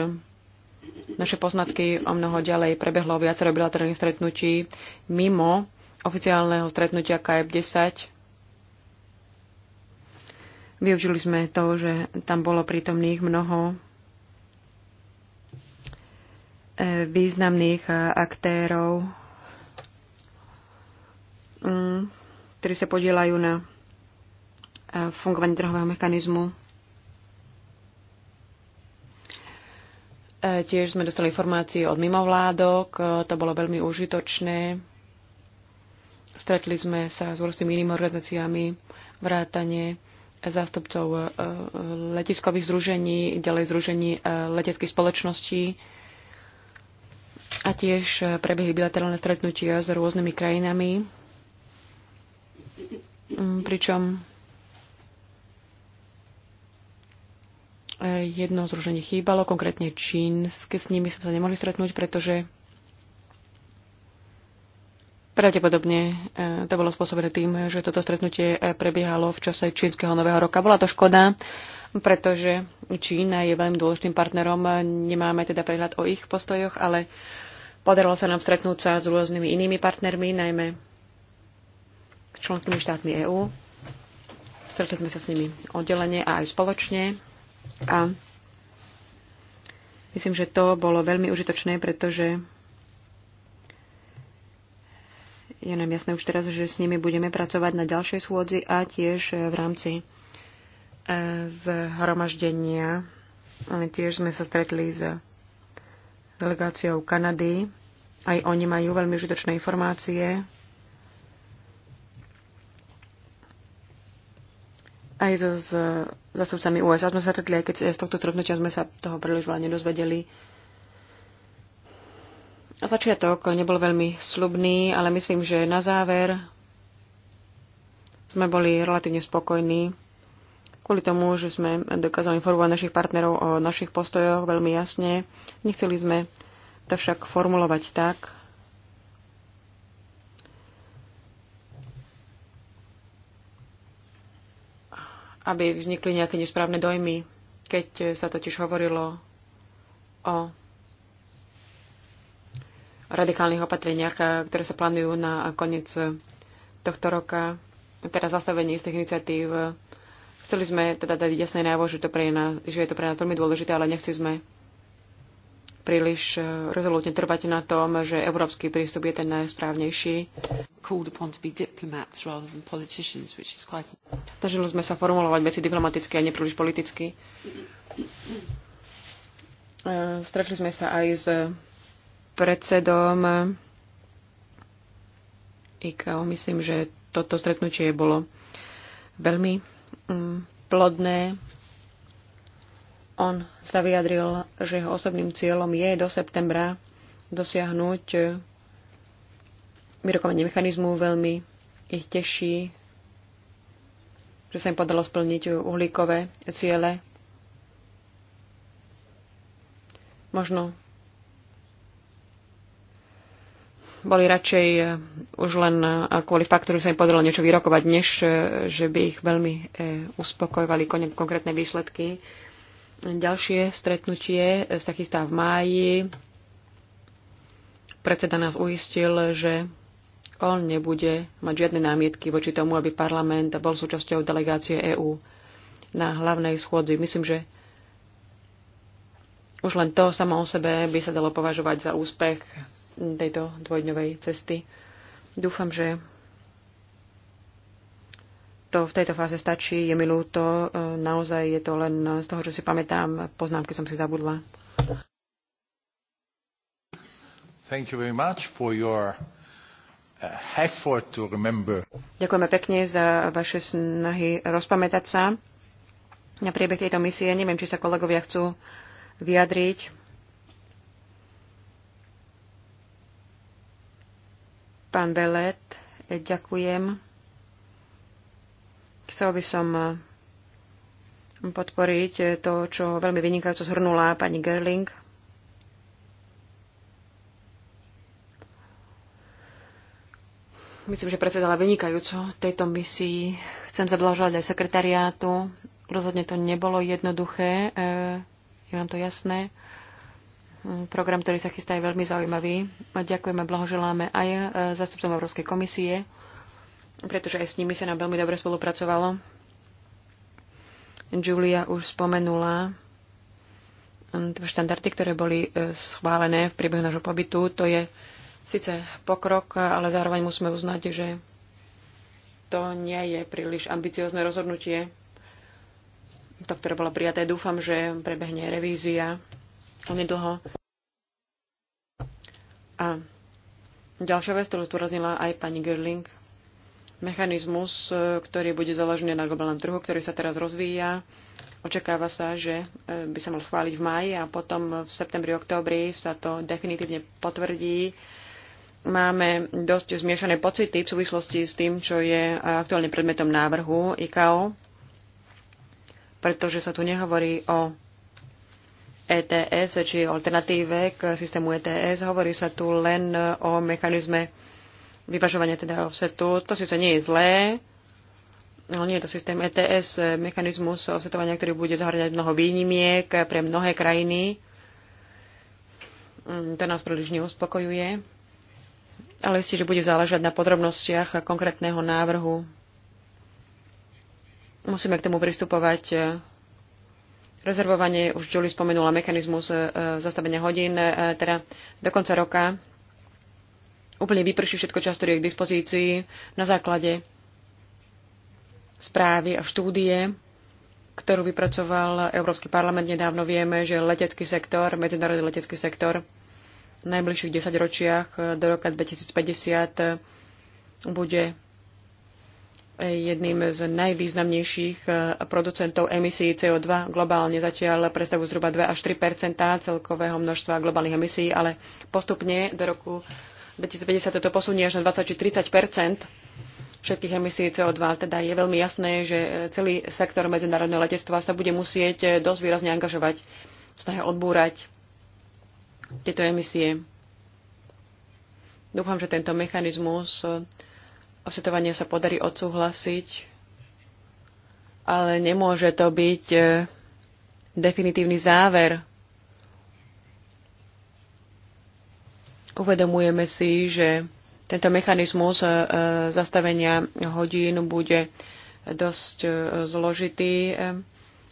naše poznatky o mnoho ďalej. Prebehlo viacero bilaterálnych stretnutí mimo oficiálneho stretnutia KF10. Využili sme to, že tam bolo prítomných mnoho e, významných e, aktérov, mm, ktorí sa podielajú na fungovanie trhového mechanizmu E, tiež sme dostali informácie od mimovládok, e, to bolo veľmi užitočné. Stretli sme sa s rôznymi inými organizáciami, vrátane zástupcov e, letiskových združení, ďalej združení leteckých spoločností a tiež prebiehli bilaterálne stretnutia s rôznymi krajinami, mm, pričom jedno zruženie chýbalo, konkrétne čínske, s nimi sme sa nemohli stretnúť, pretože Pravdepodobne e, to bolo spôsobené tým, že toto stretnutie e, prebiehalo v čase čínskeho nového roka. Bola to škoda, pretože Čína je veľmi dôležitým partnerom. Nemáme teda prehľad o ich postojoch, ale podarilo sa nám stretnúť sa s rôznymi inými partnermi, najmä členskými štátmi EÚ. Stretli sme sa s nimi oddelenie a aj spoločne. A myslím, že to bolo veľmi užitočné, pretože je nám jasné už teraz, že s nimi budeme pracovať na ďalšej schôdzi a tiež v rámci e, zhromaždenia. Tiež sme sa stretli s delegáciou Kanady. Aj oni majú veľmi užitočné informácie aj so, s zastupcami USA sme sa stretli, aj keď z tohto stretnutia sme sa toho príliš veľa nedozvedeli. A začiatok nebol veľmi slubný, ale myslím, že na záver sme boli relatívne spokojní kvôli tomu, že sme dokázali informovať našich partnerov o našich postojoch veľmi jasne. Nechceli sme to však formulovať tak, aby vznikli nejaké nesprávne dojmy, keď sa totiž hovorilo o radikálnych opatreniach, ktoré sa plánujú na koniec tohto roka, teda zastavenie z tých iniciatív. Chceli sme teda dať jasné návo, že, to pre nás, že je to pre nás veľmi dôležité, ale nechci sme príliš e, rezolútne trvať na tom, že európsky prístup je ten najsprávnejší. Snažili sme sa formulovať veci diplomaticky a nepríliš politicky. E, stretli sme sa aj s predsedom IKO. Myslím, že toto stretnutie bolo veľmi mm, plodné on sa vyjadril, že jeho osobným cieľom je do septembra dosiahnuť vyrokovanie mechanizmu. Veľmi ich teší, že sa im podalo splniť uhlíkové ciele. Možno boli radšej už len kvôli faktu, že sa im podarilo niečo vyrokovať, než že by ich veľmi eh, uspokojovali konkrétne výsledky. Ďalšie stretnutie sa chystá v máji. Predseda nás uistil, že on nebude mať žiadne námietky voči tomu, aby parlament bol súčasťou delegácie EÚ na hlavnej schôdzi. Myslím, že už len to samo o sebe by sa dalo považovať za úspech tejto dvojdňovej cesty. Dúfam, že to v tejto fáze stačí. Je mi ľúto, e, naozaj je to len z toho, čo si pamätám. Poznámky som si zabudla. Thank you very much for your uh, effort to remember. Ďakujeme pekne za vaše snahy rozpamätať sa. Na priebeh tejto misie neviem, či sa kolegovia chcú vyjadriť. Pán Belet, ďakujem. Chcel by som eh, podporiť eh, to, čo veľmi vynikajúco zhrnula pani Gerling. Myslím, že predsedala vynikajúco tejto misii. Chcem zablažovať aj sekretariátu. Rozhodne to nebolo jednoduché, eh, je vám to jasné. Mm, program, ktorý sa chystá, je veľmi zaujímavý. Ďakujeme, blahoželáme aj zastupcom Európskej komisie pretože aj s nimi sa nám veľmi dobre spolupracovalo. Julia už spomenula mm, štandardy, ktoré boli e, schválené v priebehu nášho pobytu. To je síce pokrok, ale zároveň musíme uznať, že to nie je príliš ambiciozne rozhodnutie. To, ktoré bolo prijaté, dúfam, že prebehne revízia nedlho. A ďalšia vec, ktorú tu roznila aj pani Gerling, mechanizmus, e, ktorý bude založený na globálnom trhu, ktorý sa teraz rozvíja. Očakáva sa, že e, by sa mal schváliť v maji a potom v septembri, októbri sa to definitívne potvrdí. Máme dosť zmiešané pocity v súvislosti s tým, čo je aktuálne predmetom návrhu ICAO, pretože sa tu nehovorí o ETS či alternatíve k systému ETS, hovorí sa tu len o mechanizme vyvažovania teda offsetu. To síce nie je zlé, No nie je to systém ETS, mechanizmus offsetovania, ktorý bude zahrňať mnoho výnimiek pre mnohé krajiny. Mm, to nás príliš neuspokojuje. Ale isté, že bude záležať na podrobnostiach konkrétneho návrhu. Musíme k tomu pristupovať rezervovanie, už Julie spomenula mechanizmus e, zastavenia hodín, e, teda do konca roka úplne vyprší všetko čas, ktorý je k dispozícii na základe správy a štúdie, ktorú vypracoval Európsky parlament. Nedávno vieme, že letecký sektor, medzinárodný letecký sektor v najbližších desaťročiach do roka 2050 bude jedným z najvýznamnejších producentov emisí CO2 globálne. Zatiaľ predstavujú zhruba 2 až 3 celkového množstva globálnych emisí, ale postupne do roku 2050 to posunie až na 20 či 30 všetkých emisí CO2. Teda je veľmi jasné, že e, celý sektor medzinárodného letectva sa bude musieť e, dosť výrazne angažovať v snahe odbúrať tieto emisie. Dúfam, že tento mechanizmus e, osvetovania sa podarí odsúhlasiť, ale nemôže to byť definitívny záver Uvedomujeme si, že tento mechanizmus e, e, zastavenia hodín bude dosť e, zložitý.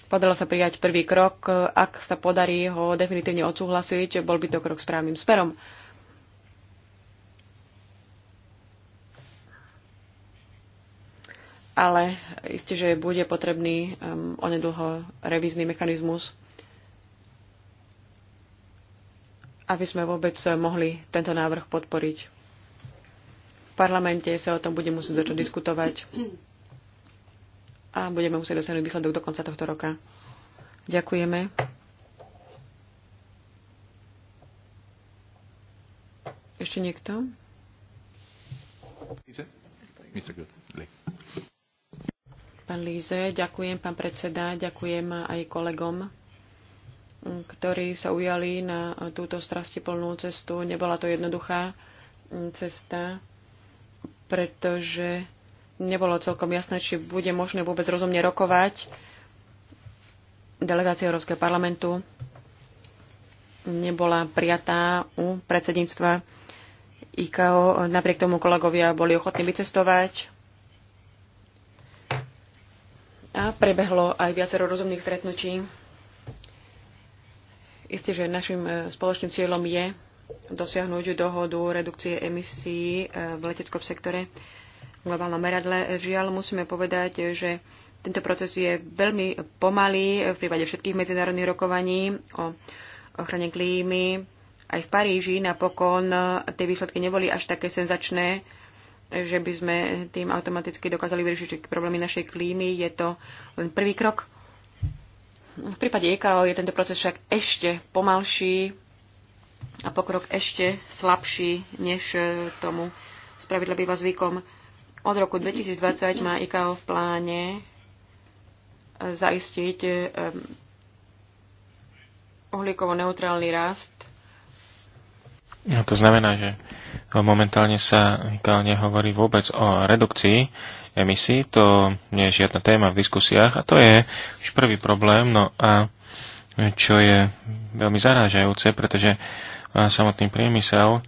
Podalo sa prijať prvý krok. Ak sa podarí ho definitívne odsúhlasiť, bol by to krok správnym smerom. Ale isté, že bude potrebný onedlho revízny mechanizmus aby sme vôbec mohli tento návrh podporiť. V parlamente sa o tom bude musieť začať diskutovať a budeme musieť dosiahnuť výsledok do konca tohto roka. Ďakujeme. Ešte niekto? Pán Líze, ďakujem, pán predseda, ďakujem aj kolegom ktorí sa ujali na túto strastiplnú cestu. Nebola to jednoduchá mm, cesta, pretože nebolo celkom jasné, či bude možné vôbec rozumne rokovať. Delegácia Európskeho parlamentu nebola prijatá u predsedníctva IKO. Napriek tomu kolegovia boli ochotní vycestovať a prebehlo aj viacero rozumných stretnutí. Isté, že našim e, spoločným cieľom je dosiahnuť dohodu redukcie emisí e, v leteckom sektore v globálnom meradle. Žiaľ, musíme povedať, že tento proces je veľmi pomalý v prípade všetkých medzinárodných rokovaní o ochrane klímy. Aj v Paríži napokon tie výsledky neboli až také senzačné, že by sme tým automaticky dokázali vyriešiť problémy našej klímy. Je to len prvý krok v prípade EKO je tento proces však ešte pomalší a pokrok ešte slabší, než e, tomu spravidla býva zvykom. Od roku 2020 má IKO v pláne e, zaistiť e, uhlíkovo neutrálny rast. No, to znamená, že momentálne sa IKO nehovorí vôbec o redukcii emisí. To nie je žiadna téma v diskusiách a to je už prvý problém. No a čo je veľmi zarážajúce, pretože samotný priemysel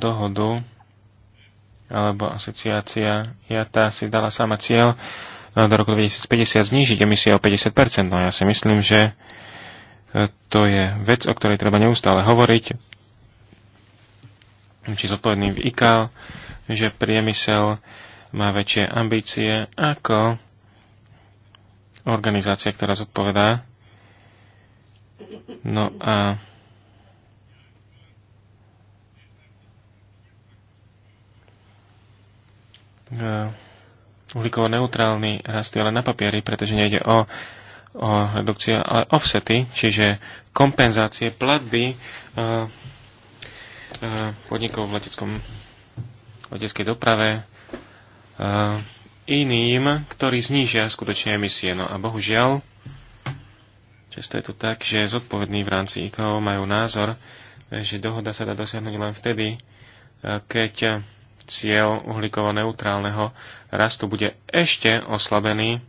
dohodu alebo asociácia IATA si dala sama cieľ do roku 2050 znížiť emisie o 50%. No ja si myslím, že e, to je vec, o ktorej treba neustále hovoriť. Či zodpovedný v IKAL, že priemysel má väčšie ambície ako organizácia, ktorá zodpovedá. No a e, uhlíkovo-neutrálny rast ale na papieri, pretože nejde o, o redukciu, ale offsety, čiže kompenzácie platby uh, uh, podnikov v leteckom, leteckej doprave, Eh, iným, ktorí znížia skutočne emisie. No a bohužiaľ, často je to tak, že zodpovední v rámci ICAO majú názor, že dohoda sa dá dosiahnuť len vtedy, eh, keď cieľ uhlíkovo-neutrálneho rastu bude ešte oslabený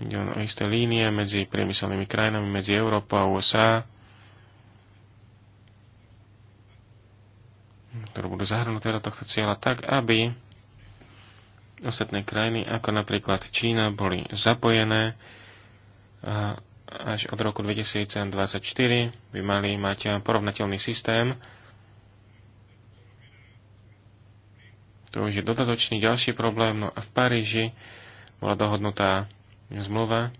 ide o isté línie medzi priemyselnými krajinami, medzi Európou a USA. ktoré budú zahrnuté do tohto cieľa tak, aby ostatné krajiny, ako napríklad Čína, boli zapojené a až od roku 2024 by mali mať porovnateľný systém. To už je dodatočný ďalší problém. No a v Paríži bola dohodnutá zmluva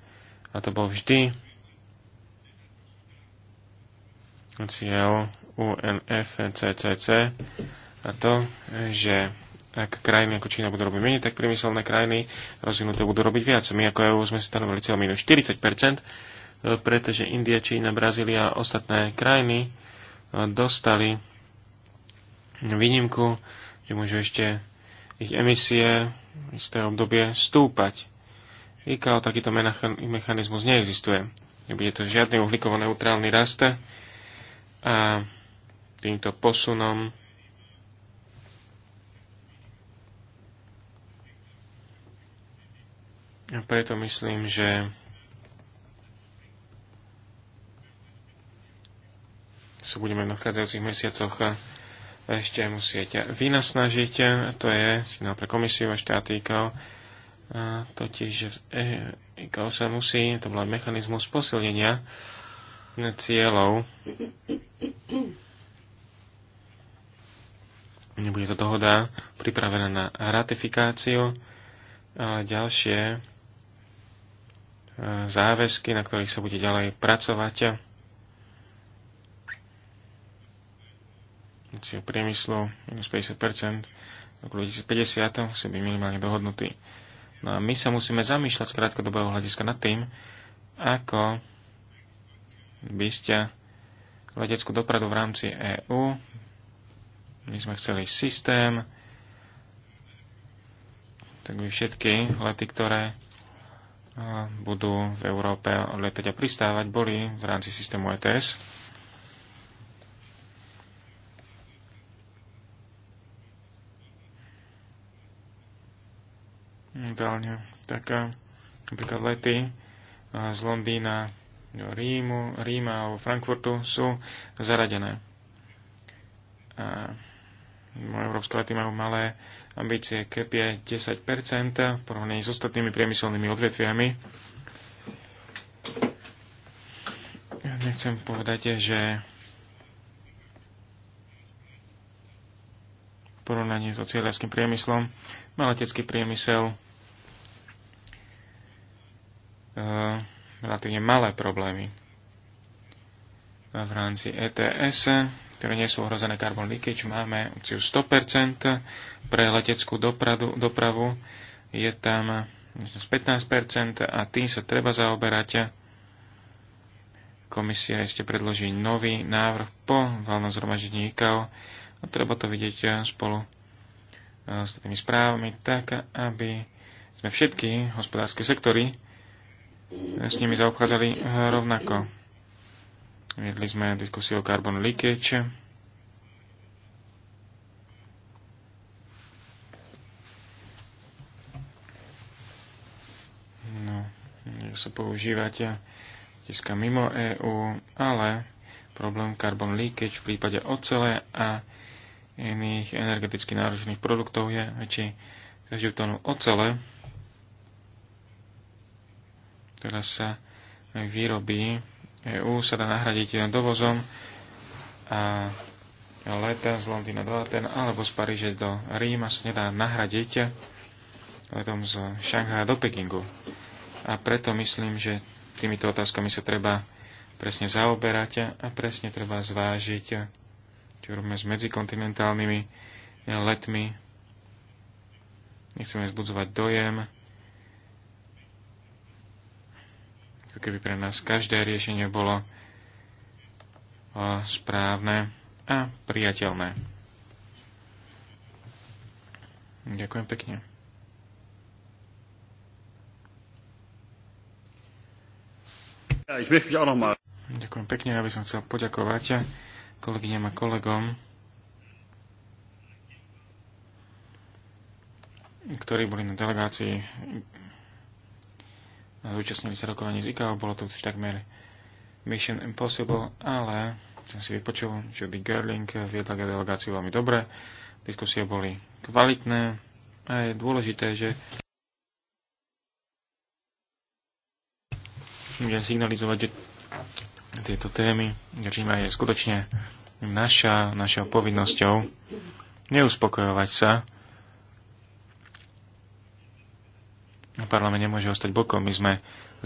a to bol vždy cieľ UNFCCC a to, že ak krajiny ako Čína budú robiť menej, tak priemyselné krajiny rozvinuté budú robiť viac. My ako EU sme si stanovili cieľ minus 40 e, pretože India, Čína, Brazília a ostatné krajiny e, dostali výnimku, že môžu ešte ich emisie z isté obdobie stúpať. IKAO takýto mechanizmus neexistuje. Nebude to žiadny uhlíkovo neutrálny rast a týmto posunom A preto myslím, že sa budeme v nadchádzajúcich mesiacoch ešte musieť vynasnažiť. To je signál pre komisiu a štáty ICAO. Totiž e- ICAO sa musí, to bol mechanizmus posilnenia cieľov Nebude to dohoda pripravená na ratifikáciu, ale ďalšie e, záväzky, na ktorých sa bude ďalej pracovať. Cieľ priemyslu minus 50 roku 2050 musí byť minimálne dohodnutý. No a my sa musíme zamýšľať z krátkodobého hľadiska nad tým, ako by ste leteckú dopravu v rámci EÚ my sme chceli systém, tak by všetky lety, ktoré budú v Európe letať a pristávať, boli v rámci systému ETS. Dálne. Tak napríklad lety z Londýna do Rímu, Ríma alebo Frankfurtu sú zaradené. A Európska lety majú malé ambície, KEP je 10% v porovnaní s ostatnými priemyselnými odvetviami. Nechcem povedať, že v porovnaní s ocieľarským priemyslom maletecký priemysel e, relatívne malé problémy. v rámci ETS ktoré nie sú ohrozené carbon leakage. Máme opciu 100% pre leteckú dopravu, dopravu. Je tam 15% a tým sa treba zaoberať. Komisia ešte predloží nový návrh po valnom zhromaždení ICAO a treba to vidieť eh, spolu eh, s tými správami tak, aby sme všetky hospodárske sektory eh, s nimi zaobchádzali rovnako Viedli sme diskusiu o carbon leakage. No, sa používate tiska mimo EÚ, ale problém carbon leakage v prípade ocele a iných energeticky náročných produktov je väčší každú tónu ocele. Teraz sa výrobí EU sa dá nahradiť dovozom a leta z Londýna do Aten alebo z Paríže do Ríma sa nedá nahradiť letom z Šanghaja do Pekingu. A preto myslím, že týmito otázkami sa treba presne zaoberať a presne treba zvážiť, čo robíme s medzikontinentálnymi letmi. Nechceme zbudzovať dojem, ako keby pre nás každé riešenie bolo správne a priateľné. Ďakujem pekne. Ďakujem pekne, aby som chcel poďakovať kolegyňam a kolegom, ktorí boli na delegácii zúčastnili sa rokovaní z IKAO, bolo to už takmer Mission Impossible, ale som si vypočul, že by Gerling viedla delegáciu veľmi dobre, diskusie boli kvalitné a je dôležité, že budem signalizovať, že tieto témy držíme je skutočne naša, našou povinnosťou neuspokojovať sa parlament nemôže ostať bokom. My sme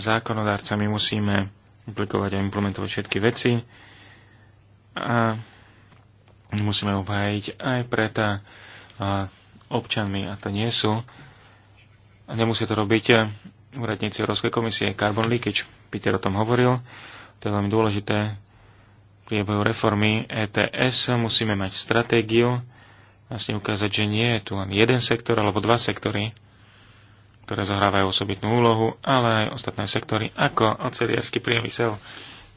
zákonodárcami, musíme implikovať a implementovať všetky veci a musíme obhájiť aj pred občanmi a to nie sú a nemusia to robiť úradníci Európskej komisie. Carbon leakage, Peter o tom hovoril, to je veľmi dôležité. Priebehu reformy ETS musíme mať stratégiu, vlastne ukázať, že nie je tu len jeden sektor alebo dva sektory, ktoré zohrávajú osobitnú úlohu, ale aj ostatné sektory ako oceliarský priemysel.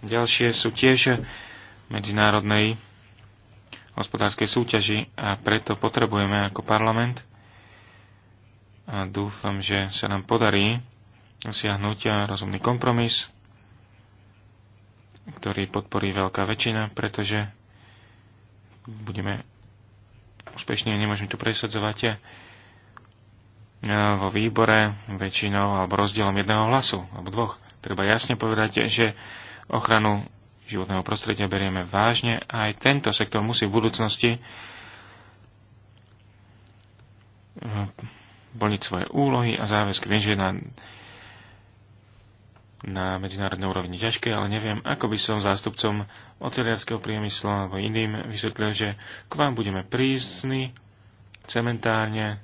Ďalšie sú tiež medzinárodnej hospodárskej súťaži a preto potrebujeme ako parlament a dúfam, že sa nám podarí dosiahnuť rozumný kompromis, ktorý podporí veľká väčšina, pretože budeme úspešne a nemôžeme to presadzovať vo výbore väčšinou alebo rozdielom jedného hlasu alebo dvoch. Treba jasne povedať, že ochranu životného prostredia berieme vážne a aj tento sektor musí v budúcnosti eh, plniť svoje úlohy a záväzky. Viem, že je na, na medzinárodnej úrovni ťažké, ale neviem, ako by som zástupcom oceliarského priemyslu alebo iným vysvetlil, že k vám budeme prísni, cementárne,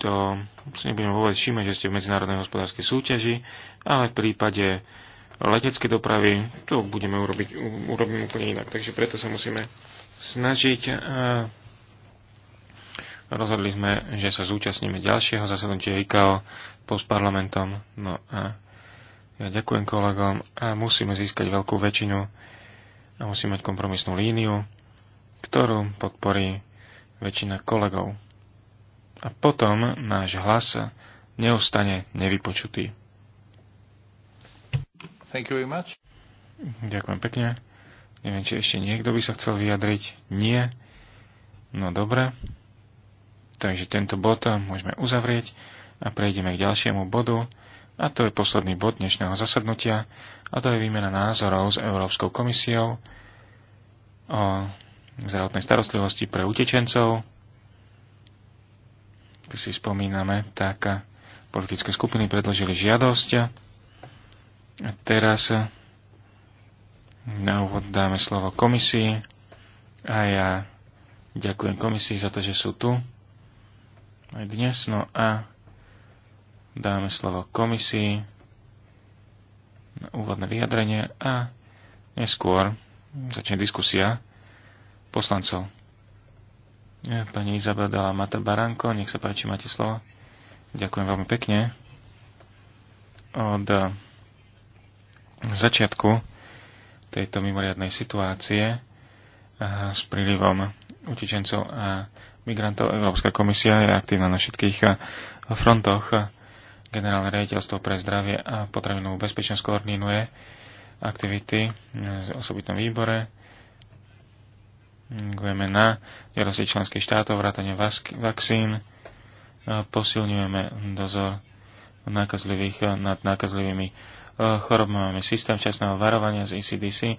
to si nebudem vôbec všímať, že ste v medzinárodnej hospodárskej súťaži, ale v prípade leteckej dopravy to budeme urobiť, urobím úplne inak. Takže preto sa musíme snažiť. rozhodli sme, že sa zúčastníme ďalšieho zasadnutia IKO spolu parlamentom. No a ja ďakujem kolegom a musíme získať veľkú väčšinu a musíme mať kompromisnú líniu, ktorú podporí väčšina kolegov a potom náš hlas neostane nevypočutý. Thank you very much. Ďakujem pekne. Neviem, či ešte niekto by sa chcel vyjadriť. Nie. No dobre. Takže tento bod môžeme uzavrieť a prejdeme k ďalšiemu bodu. A to je posledný bod dnešného zasadnutia. A to je výmena názorov s Európskou komisiou o zdravotnej starostlivosti pre utečencov si spomíname, tak politické skupiny predložili žiadosť. A teraz na úvod dáme slovo komisii a ja ďakujem komisii za to, že sú tu aj dnes. No a dáme slovo komisii na úvodné vyjadrenie a neskôr začne diskusia poslancov. Pani Izabela Mata Baranko, nech sa páči, máte slovo. Ďakujem veľmi pekne. Od začiatku tejto mimoriadnej situácie s prílivom utečencov a migrantov Európska komisia je aktívna na všetkých frontoch. Generálne riaditeľstvo pre zdravie a potravinovú bezpečnosť koordinuje aktivity e, v osobitnom výbore Ďakujeme na žiadosti členských štátov, vrátanie vakcín, posilňujeme dozor nákazlivých nad nákazlivými e, chorobami. Máme systém časného varovania z ECDC, e,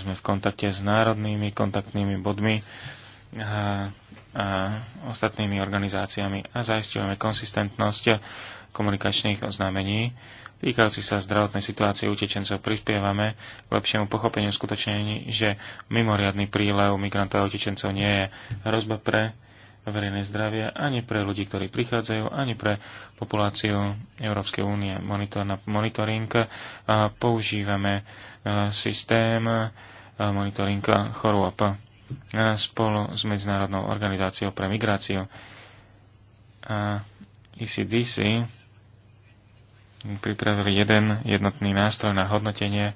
sme v kontakte s národnými kontaktnými bodmi a, e, a ostatnými organizáciami a zaistujeme konsistentnosť komunikačných oznámení týkajúci sa zdravotnej situácie utečencov prispievame k lepšiemu pochopeniu skutočne, že mimoriadný prílev migrantov a utečencov nie je hrozba pre verejné zdravie, ani pre ľudí, ktorí prichádzajú, ani pre populáciu Európskej únie. Monitor, na monitoring používame systém monitoringa chorôb spolu s Medzinárodnou organizáciou pre migráciu a ECDC pripravili jeden jednotný nástroj na hodnotenie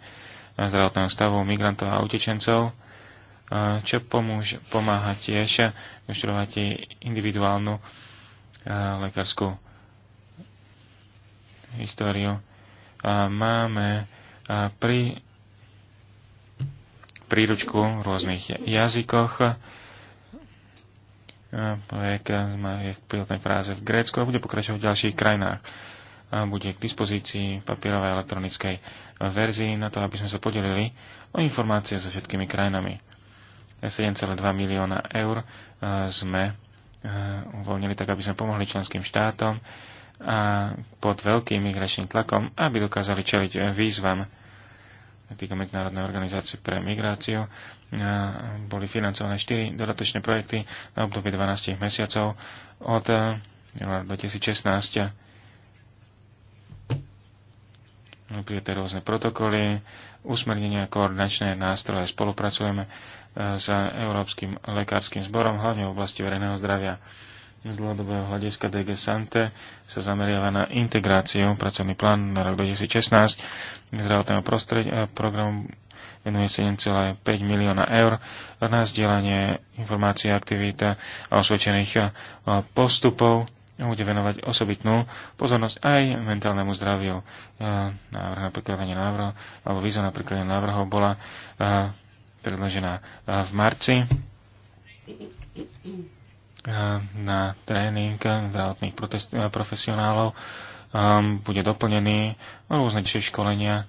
zdravotného stavu migrantov a utečencov, čo pomôže, pomáha tiež vyštudovať individuálnu lekárskú históriu. Máme pri príručku v rôznych jazykoch. Projekt je v pilotnej fráze v Grécku a bude pokračovať v ďalších krajinách bude k dispozícii papierovej elektronickej verzii na to, aby sme sa podelili o informácie so všetkými krajinami. 7,2 milióna eur e, sme e, uvoľnili tak, aby sme pomohli členským štátom a pod veľkým migračným tlakom, aby dokázali čeliť výzvam týka Medzinárodnej organizácie pre migráciu. E, boli financované 4 dodatočné projekty na obdobie 12 mesiacov od 2016 prijaté rôzne protokoly, usmernenia, koordinačné nástroje. Spolupracujeme e, s Európskym lekárskym zborom, hlavne v oblasti verejného zdravia. Z dlhodobého hľadiska DG Sante sa zameriava na integráciu. Pracovný plán na rok 2016 zdravotného prostredia e, programu venuje 7,5 milióna eur na zdieľanie informácií, aktivít a osvedčených e, postupov bude venovať osobitnú pozornosť aj mentálnemu zdraviu. E, návrh na prikladanie návrhov, alebo výzva na prikladanie návrhov bola e, predložená e, v marci na tréning zdravotných profesionálov bude doplnený rôzne školenia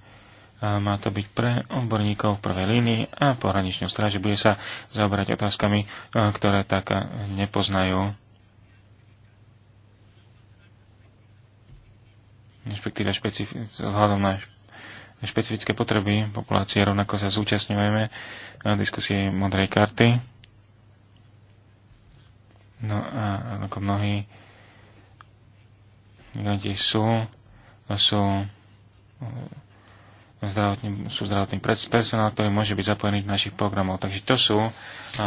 má to byť pre odborníkov v prvej línii a pohraničnú stráže bude sa zaoberať otázkami, ktoré tak nepoznajú. respektíve vzhľadom na špecifické potreby populácie, rovnako sa zúčastňujeme na diskusii modrej karty. No a ako mnohí migranti sú, sú e, zdravotný, sú zdravotný personál, ktorý môže byť zapojený do našich programov. Takže to sú a, e,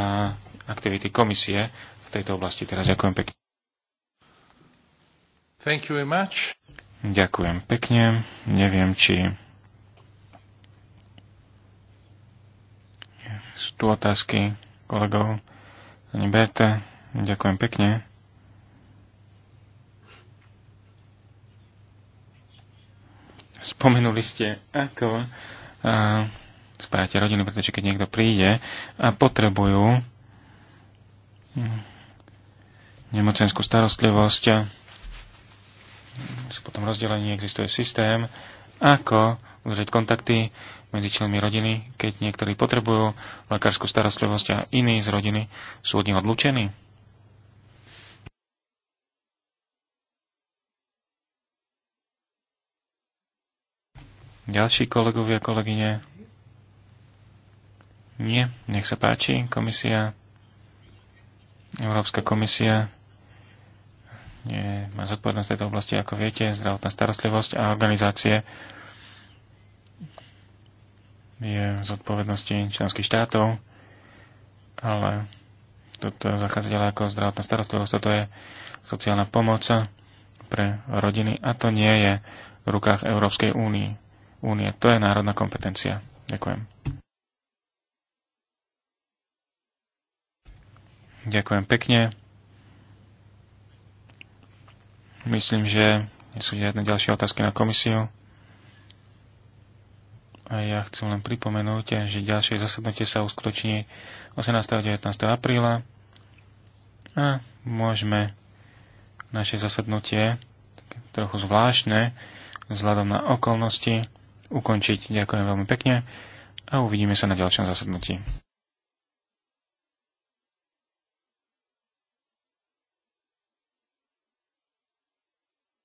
aktivity komisie v tejto oblasti. Teraz ďakujem pekne. Thank you very much. Ďakujem pekne. Neviem, či sú tu otázky kolegov. Pani Berta, ďakujem pekne. Spomenuli ste, ako spájate rodinu, pretože keď niekto príde a potrebujú hm, nemocenskú starostlivosť, sú potom rozdelení, existuje systém, ako udržať kontakty medzi členmi rodiny, keď niektorí potrebujú lekárskú starostlivosť a iní z rodiny sú od nich odlúčení. Ďalší kolegovia, kolegyne? Nie, nech sa páči, komisia, Európska komisia je, má zodpovednosť tejto oblasti, ako viete, zdravotná starostlivosť a organizácie je v zodpovednosti členských štátov, ale toto zachádza ďalej ako zdravotná starostlivosť, toto je sociálna pomoc pre rodiny a to nie je v rukách Európskej únie. únie. To je národná kompetencia. Ďakujem. Ďakujem pekne. Myslím, že nie sú žiadne ďalšie otázky na komisiu. A ja chcem len pripomenúť, že ďalšie zasadnutie sa uskutoční 18. a 19. apríla. A môžeme naše zasadnutie, trochu zvláštne, vzhľadom na okolnosti, ukončiť. Ďakujem veľmi pekne a uvidíme sa na ďalšom zasadnutí.